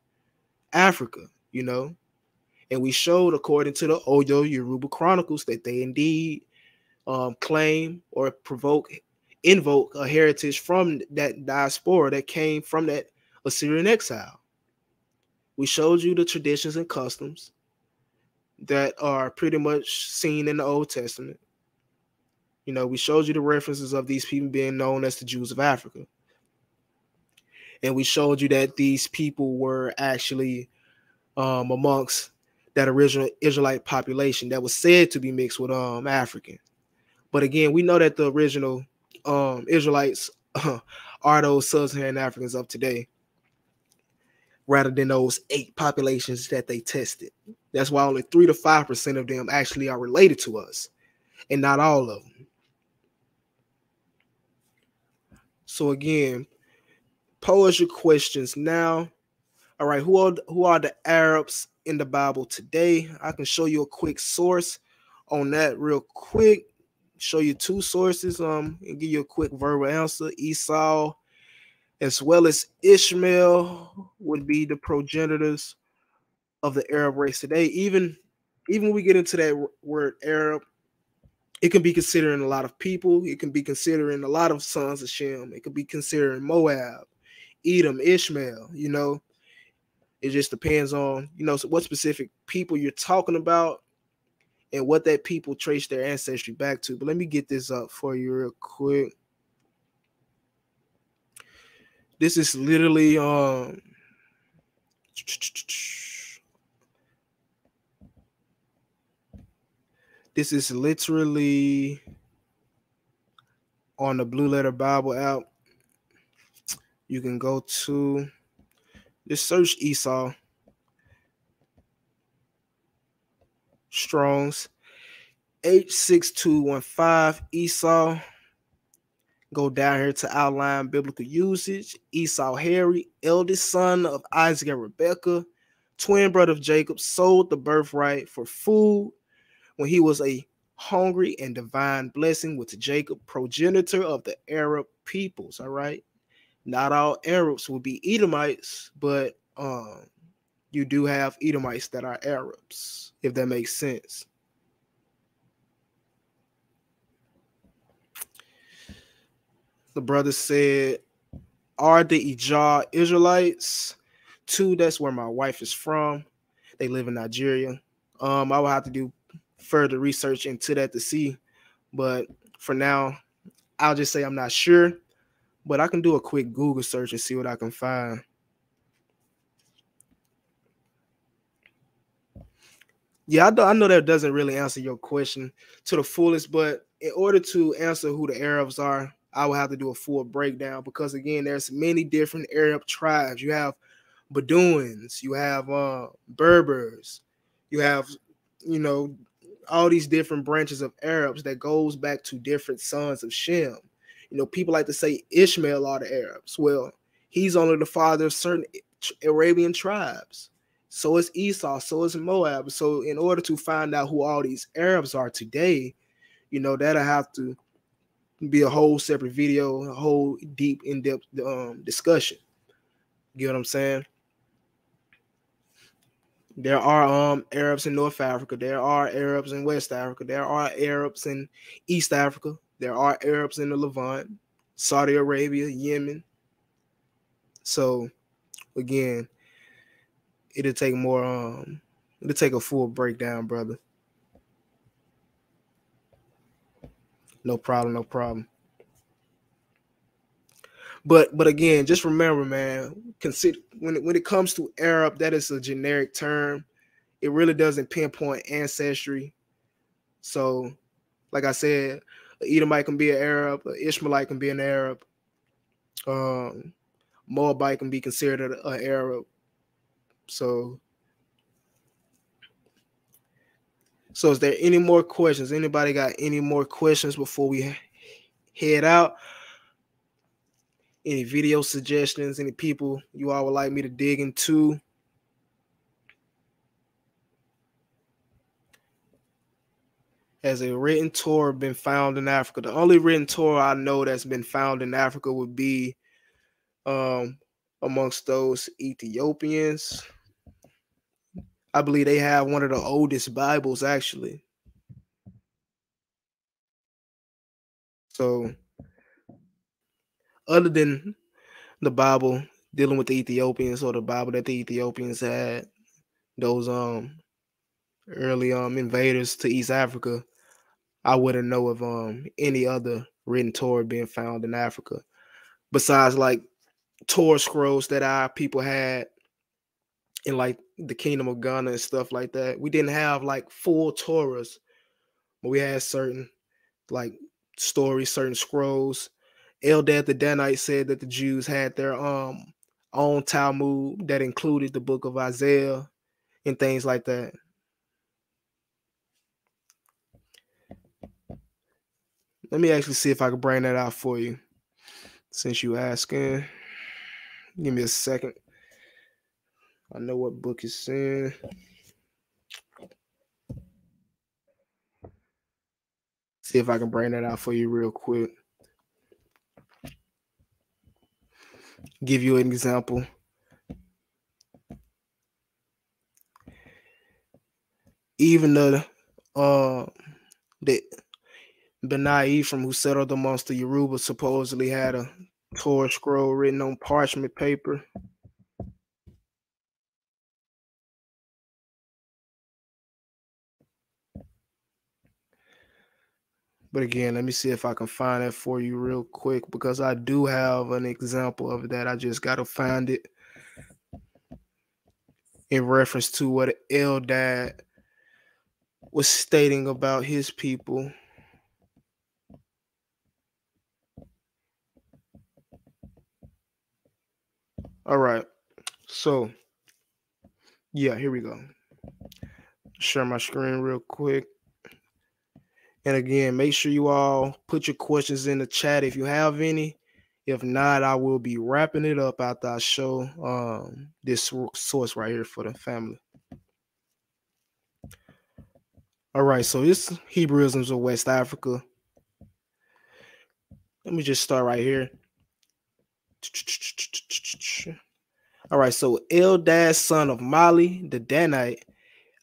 Speaker 1: Africa, you know. And we showed, according to the Oyo Yoruba Chronicles, that they indeed um, claim or provoke, invoke a heritage from that diaspora that came from that Assyrian exile. We showed you the traditions and customs that are pretty much seen in the Old Testament. You know, we showed you the references of these people being known as the Jews of Africa and we showed you that these people were actually um, amongst that original Israelite population that was said to be mixed with um, African. But again, we know that the original um, Israelites are those sub-Saharan Africans of today, rather than those eight populations that they tested. That's why only three to five percent of them actually are related to us, and not all of them. So again, Pose your questions now. All right, who are who are the Arabs in the Bible today? I can show you a quick source on that real quick. Show you two sources um and give you a quick verbal answer. Esau as well as Ishmael would be the progenitors of the Arab race today. Even even when we get into that word Arab, it can be considering a lot of people. It can be considering a lot of sons of Shem. It could be considering Moab. Edom, Ishmael, you know. It just depends on, you know, what specific people you're talking about and what that people trace their ancestry back to. But let me get this up for you real quick. This is literally um this is literally on the Blue Letter Bible app you can go to just search Esau Strong's H6215 Esau. Go down here to outline biblical usage. Esau, Harry, eldest son of Isaac and Rebekah, twin brother of Jacob, sold the birthright for food when he was a hungry and divine blessing with Jacob, progenitor of the Arab peoples. All right not all Arabs will be Edomites, but um, you do have Edomites that are Arabs, if that makes sense. The brother said, Are the Ijah Israelites? Two, that's where my wife is from. They live in Nigeria. Um, I will have to do further research into that to see. But for now, I'll just say I'm not sure but I can do a quick Google search and see what I can find. Yeah, I, do, I know that doesn't really answer your question to the fullest, but in order to answer who the Arabs are, I will have to do a full breakdown because again, there's many different Arab tribes. You have Bedouins, you have uh, Berbers, you have you know all these different branches of Arabs that goes back to different sons of Shem. You know, people like to say Ishmael are the Arabs. Well, he's only the father of certain Arabian tribes. So is Esau, so is Moab. So in order to find out who all these Arabs are today, you know, that'll have to be a whole separate video, a whole deep, in-depth um, discussion. You know what I'm saying? There are um, Arabs in North Africa. There are Arabs in West Africa. There are Arabs in East Africa. There are Arabs in the Levant, Saudi Arabia, Yemen. So, again, it'll take more. Um, it'll take a full breakdown, brother. No problem. No problem. But but again, just remember, man. Consider when it, when it comes to Arab, that is a generic term. It really doesn't pinpoint ancestry. So, like I said, Edomite can be an Arab, Ishmaelite can be an Arab, um, Moabite can be considered an Arab. So, so is there any more questions? Anybody got any more questions before we head out? Any video suggestions? Any people you all would like me to dig into? has a written Torah been found in Africa? The only written Torah I know that's been found in Africa would be um, amongst those Ethiopians. I believe they have one of the oldest Bibles, actually. So, other than the Bible dealing with the Ethiopians or the Bible that the Ethiopians had, those um early um invaders to East Africa, I wouldn't know of um any other written Torah being found in Africa, besides like Torah scrolls that our people had in like the Kingdom of Ghana and stuff like that. We didn't have like full Torahs, but we had certain like stories, certain scrolls. Eldad the Danite said that the Jews had their um own Talmud that included the book of Isaiah and things like that. Let me actually see if I can bring that out for you. Since you asking, give me a second. I know what book is in. See if I can bring that out for you real quick. Give you an example. Even though uh, the Benai from who settled the the Yoruba supposedly had a Torah scroll written on parchment paper. But again, let me see if I can find that for you real quick because I do have an example of that. I just got to find it in reference to what Eldad was stating about his people. All right. So, yeah, here we go. Share my screen real quick. And again, make sure you all put your questions in the chat if you have any. If not, I will be wrapping it up after I show um, this source right here for the family. All right, so this Hebrewisms of West Africa. Let me just start right here. All right, so Eldad, son of Mali, the Danite,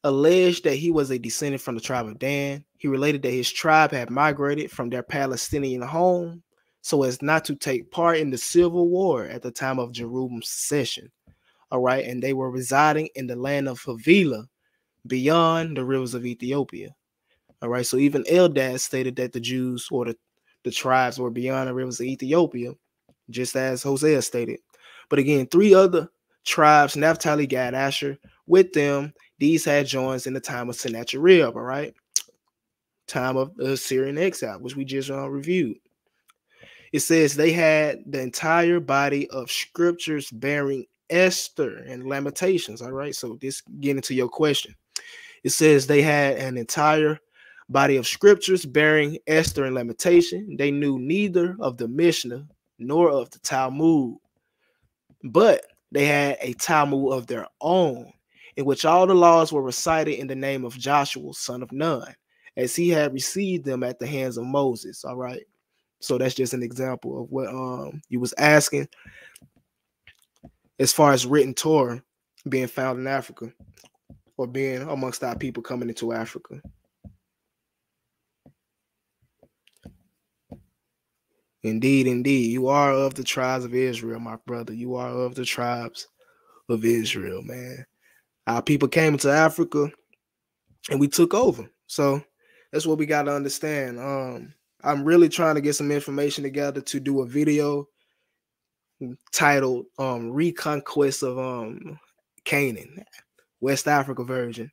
Speaker 1: alleged that he was a descendant from the tribe of Dan. He related that his tribe had migrated from their Palestinian home so as not to take part in the civil war at the time of Jerusalem's secession. All right, and they were residing in the land of Havila, beyond the rivers of Ethiopia. All right, so even Eldad stated that the Jews or the, the tribes were beyond the rivers of Ethiopia just as Hosea stated. But again, three other tribes, Naphtali, Gad, Asher, with them, these had joins in the time of Sennacherib, all right? Time of the Syrian exile, which we just uh, reviewed. It says they had the entire body of scriptures bearing Esther and Lamentations, all right? So this getting to your question. It says they had an entire body of scriptures bearing Esther and Lamentation. They knew neither of the Mishnah nor of the Talmud, but they had a Talmud of their own, in which all the laws were recited in the name of Joshua, son of Nun, as he had received them at the hands of Moses. All right. So that's just an example of what um you was asking as far as written Torah being found in Africa or being amongst our people coming into Africa. Indeed, indeed. You are of the tribes of Israel, my brother. You are of the tribes of Israel, man. Our people came to Africa and we took over. So that's what we got to understand. Um, I'm really trying to get some information together to do a video titled um, Reconquest of um, Canaan, West Africa version.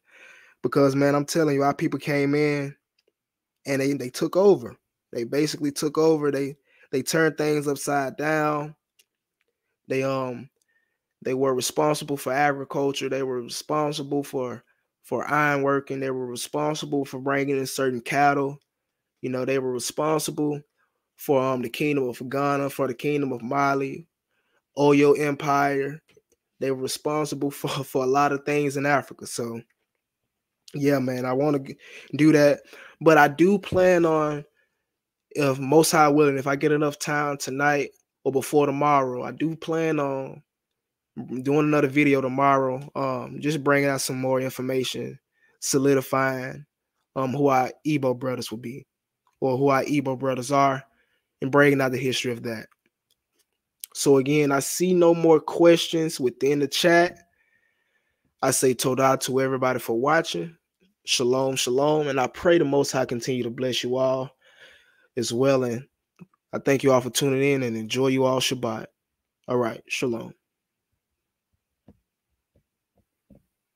Speaker 1: Because, man, I'm telling you, our people came in and they, they took over. They basically took over. They they turned things upside down. They um they were responsible for agriculture. They were responsible for for iron working. They were responsible for bringing in certain cattle. You know, they were responsible for um the kingdom of Ghana, for the kingdom of Mali, Oyo Empire. They were responsible for for a lot of things in Africa. So yeah, man, I want to do that, but I do plan on if most high willing, if I get enough time tonight or before tomorrow, I do plan on doing another video tomorrow. Um, just bringing out some more information, solidifying um who our Ebo brothers will be, or who our Ebo brothers are, and bringing out the history of that. So again, I see no more questions within the chat. I say toda to everybody for watching. Shalom, shalom, and I pray the Most High continue to bless you all as well. And I thank you all for tuning in and enjoy you all Shabbat. All right. Shalom.